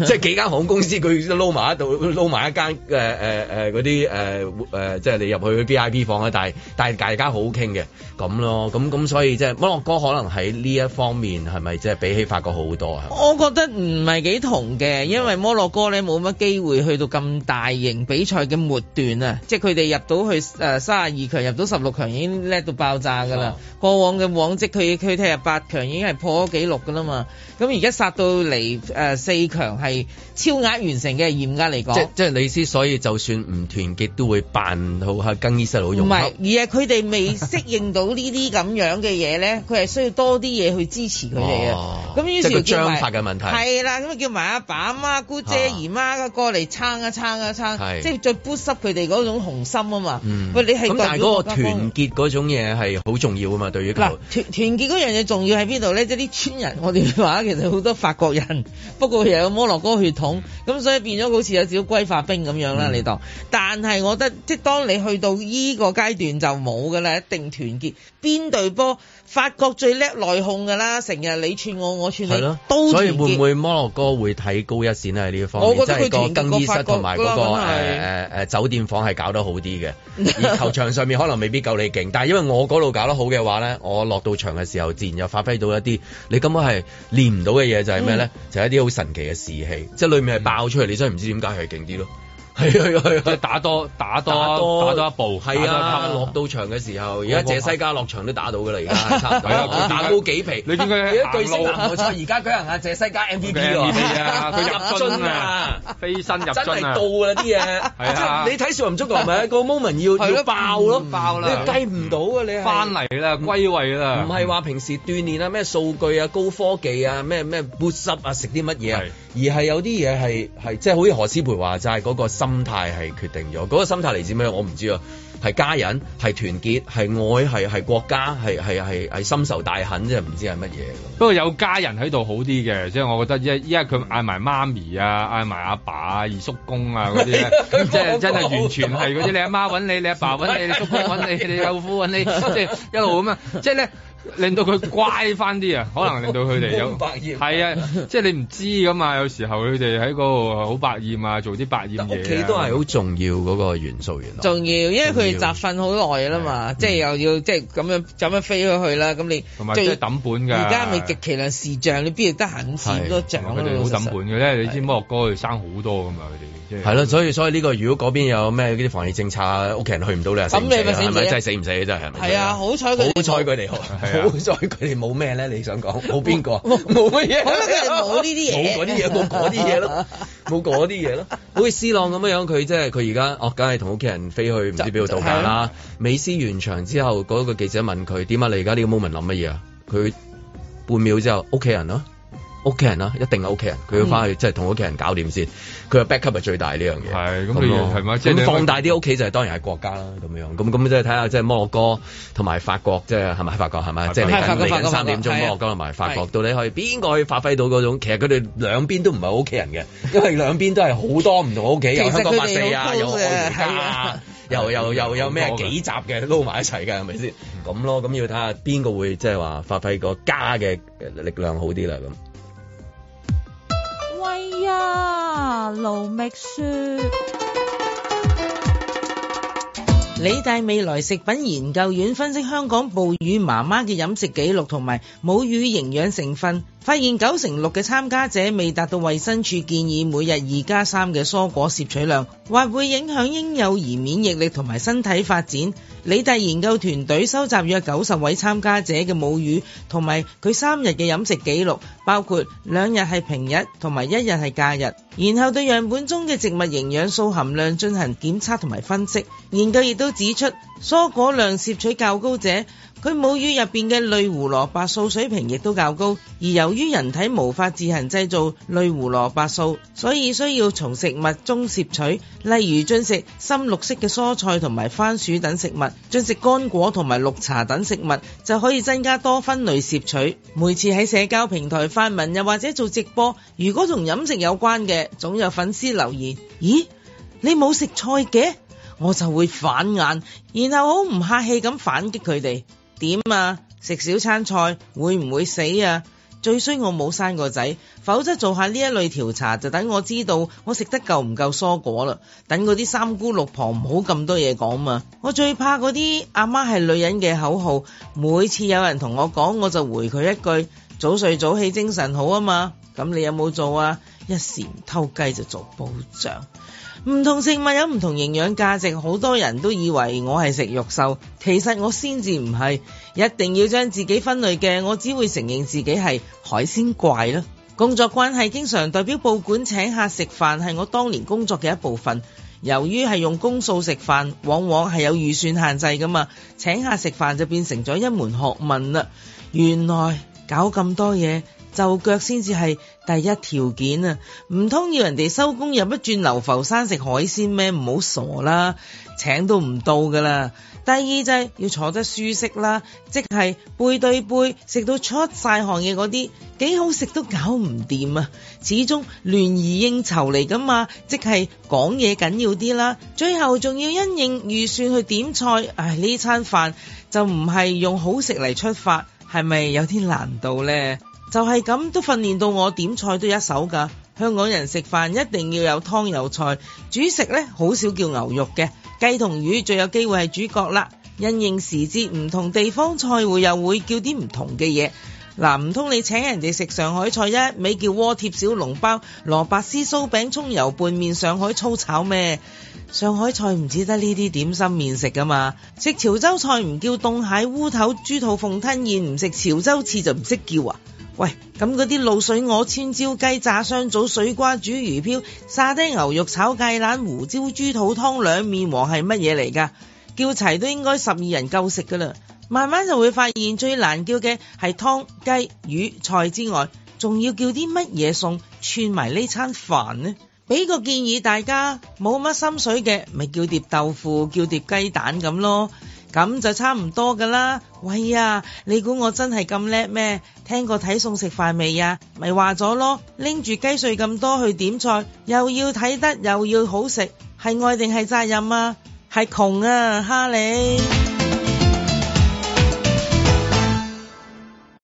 即係幾間航空公司佢撈埋一度撈埋一間誒誒誒嗰啲誒誒即係你入去 VIP 房咧，但係但係大家好傾嘅咁咯。咁咁所以即係摩洛哥可能喺呢一方面係咪即係比起法國好多啊？是是我覺得唔係幾同嘅，因為。摩洛哥咧冇乜機會去到咁大型比賽嘅末段啊！即係佢哋入到去誒三十二強入到十六強已經叻到爆炸噶啦。過往嘅往績，佢佢睇下八強已經係破紀錄噶啦嘛。咁而家殺到嚟誒四強係超額完成嘅，嚴格嚟講，即即係李師，所以就算唔團結都會辦好下更衣室好用。唔係，而係佢哋未適應到呢啲咁樣嘅嘢咧，佢係需要多啲嘢去支持佢哋啊。咁於是即張法嘅問題係啦，咁叫埋阿爸阿媽。姑姐姨媽嘅過嚟撐一撐一撐，是即係再 boost 佢哋嗰種雄心啊嘛。嗯、喂，你係咁，但係嗰個團結嗰種嘢係好重要啊嘛。對於嗱團團結嗰樣嘢重要喺邊度咧？即係啲村人，我哋話其實好多法國人，不過又有摩洛哥血統，咁所以變咗好似有少少歸化兵咁樣啦。嗯、你當，但係我覺得即係當你去到依個階段就冇嘅啦，一定團結邊隊波。法國最叻內訌㗎啦，成日你串我，我串你，的都所以會唔會摩洛哥會睇高一線咧？喺呢個方面，即係個更衣室同埋嗰個誒誒酒店房係搞得好啲嘅， *laughs* 而球場上面可能未必夠你勁。但係因為我嗰度搞得好嘅話咧，我落到場嘅時候自然又發揮到一啲你根本係練唔到嘅嘢，就係咩咧？嗯、就係一啲好神奇嘅士氣，即係裡面係爆出嚟，你真係唔知點解佢係勁啲咯。去去去啊！打多打多打多一步係啊！落到場嘅時候，而家謝西加落場都打到嘅啦，而家差唔多啊！打高幾皮，你應該巨星唔錯。而家嗰人阿謝西加 MVP 喎，佢入樽啊，飛身入樽啊，真係到啦啲嘢。你睇少林足球咪啊？個 moment 要要爆咯，爆啦！你計唔到嘅你翻嚟啦，歸位啦。唔係話平時鍛鍊啊，咩數據啊，高科技啊，咩咩 b 撥濕啊，食啲乜嘢，而係有啲嘢係係即係好似何詩蓓話齋嗰個心。心態係決定咗，嗰個心態嚟自咩？我唔知啊，係家人，係團結，係愛，係係國家，係係係係深仇大恨。即係，唔知係乜嘢。不過有家人喺度好啲嘅，即係我覺得依依家佢嗌埋媽咪啊，嗌埋阿爸啊，二叔公啊嗰啲咧，即係真係完全係嗰啲，你阿媽揾你，你阿爸揾你，你叔公揾你，你舅父揾你，即係一路咁啊，即係咧。令到佢乖翻啲啊，可能令到佢哋有，係啊，即係你唔知㗎嘛。有時候佢哋喺嗰度好百厭啊，做啲百厭嘢。佢都係好重要嗰個元素嚟。原來重要，因為佢哋集訓好耐啦嘛，即係又要即係咁樣咁樣飛咗去啦。咁你即係抌本㗎。而家咪極其量試仗，你邊度得閒試咁多仗？佢哋好抌本嘅咧，你知麼？樂哥佢生好多㗎嘛，佢哋即係。係，所以所以呢個如果嗰邊有咩啲防疫政策，屋企人去唔到咧，係咪死真係死唔死真係？係啊，好彩佢好彩佢哋好在佢哋冇咩咧？你想講冇邊個？冇乜嘢，冇呢啲嘢，冇嗰啲嘢，冇嗰啲嘢咯，冇嗰啲嘢咯。好似 C 朗咁樣，佢即係佢而家哦，梗係同屋企人飛去唔知邊度度假啦。 *laughs* 美斯完場之後，嗰、那個記者問佢：點解你而家呢個 moment 諗乜嘢啊？佢半秒之後，屋企人咯。屋企人啦，一定係屋企人。佢要翻去，即係同屋企人搞掂先。佢個 backup 係最大呢樣嘢。係，咁你係咪放大啲屋企就係當然係國家啦咁樣。咁咁即係睇下，即係摩洛哥同埋法國，即係係咪法國係咪？即係嚟緊嚟緊三點鐘摩洛哥同埋法國，到底可以邊個可以發揮到嗰種？其實佢哋兩邊都唔係屋企人嘅，因為兩邊都係好多唔同屋企，有香港人啊，有外國啊，又又又有咩幾集嘅撈埋一齊㗎，係咪先？咁咯，咁要睇下邊個會即係話發揮個家嘅力量好啲啦咁。哎、呀，盧覓雪！理大未來食品研究院分析香港哺乳媽媽嘅飲食記錄同埋母乳營養成分。發現九成六嘅參加者未達到衛生署建議每日二加三嘅蔬果攝取量，或會影響嬰幼兒免疫力同埋身體發展。理大研究團隊收集約九十位參加者嘅母乳，同埋佢三日嘅飲食記錄，包括兩日係平日同埋一日係假日，然後對樣本中嘅植物營養素含量進行檢測同埋分析。研究亦都指出，蔬果量攝取較高者，佢母乳入邊嘅類胡蘿蔔素水平亦都較高，而由於人體無法自行製造類胡蘿蔔素，所以需要從食物中攝取。例如進食深綠色嘅蔬菜同埋番薯等食物，進食乾果同埋綠茶等食物就可以增加多酚類攝取。每次喺社交平台發文又或者做直播，如果同飲食有關嘅，總有粉絲留言：咦，你冇食菜嘅？我就會反眼，然後好唔客氣咁反擊佢哋。點啊？食少餐菜會唔會死啊？最衰我冇生過仔，否則做下呢一類調查就等我知道我食得夠唔夠蔬果啦。等嗰啲三姑六婆唔好咁多嘢講嘛。我最怕嗰啲阿媽係女人嘅口號，每次有人同我講，我就回佢一句：早睡早起精神好啊嘛。咁你有冇做啊？一時唔偷雞就做保障。唔同食物有唔同營養價值，好多人都以為我係食肉獸，其實我先至唔係，一定要將自己分類嘅，我只會承認自己係海鮮怪咯。工作關係經常代表報館請客食飯，係我當年工作嘅一部分。由於係用公數食飯，往往係有預算限制㗎嘛，請客食飯就變成咗一門學問啦。原來搞咁多嘢。就腳先至係第一條件啊！唔通要人哋收工入一轉流浮山食海鮮咩？唔好傻啦，請都唔到噶啦。第二就係要坐得舒適啦，即係背對背食到出晒汗嘅嗰啲幾好食都搞唔掂啊！始終聯誼應酬嚟噶嘛，即係講嘢緊要啲啦。最後仲要因應預算去點菜，唉，呢餐飯就唔係用好食嚟出發，係咪有啲難度呢？就係咁都訓練到我點菜都一手㗎。香港人食飯一定要有湯有菜。主食呢，好少叫牛肉嘅，雞同魚最有機會係主角啦。因應時節唔同，地方菜會又會叫啲唔同嘅嘢嗱。唔通你請人哋食上海菜一味叫鍋貼、小籠包、蘿蔔絲酥餅、葱油拌麵、上海粗炒咩？上海菜唔止得呢啲點心麵食㗎嘛。食潮州菜唔叫凍蟹、烏頭、豬肚鳳、鳳吞燕，唔食潮州翅就唔識叫啊！喂，咁嗰啲滷水鵝、川椒雞、炸雙棗、水瓜煮魚漂、沙爹牛肉炒芥蘭、胡椒豬肚湯、兩面黃係乜嘢嚟噶？叫齊都應該十二人夠食噶啦。慢慢就會發現最難叫嘅係湯、雞、魚、菜之外，仲要叫啲乜嘢餸串埋呢餐飯呢？俾個建議大家冇乜心水嘅，咪叫碟豆腐、叫碟雞蛋咁咯。咁就差唔多噶啦，喂呀！你估我真係咁叻咩？聽過睇餸食飯未呀？咪話咗咯，拎住雞碎咁多去點菜，又要睇得又要好食，係愛定係責任啊？係窮啊，哈你！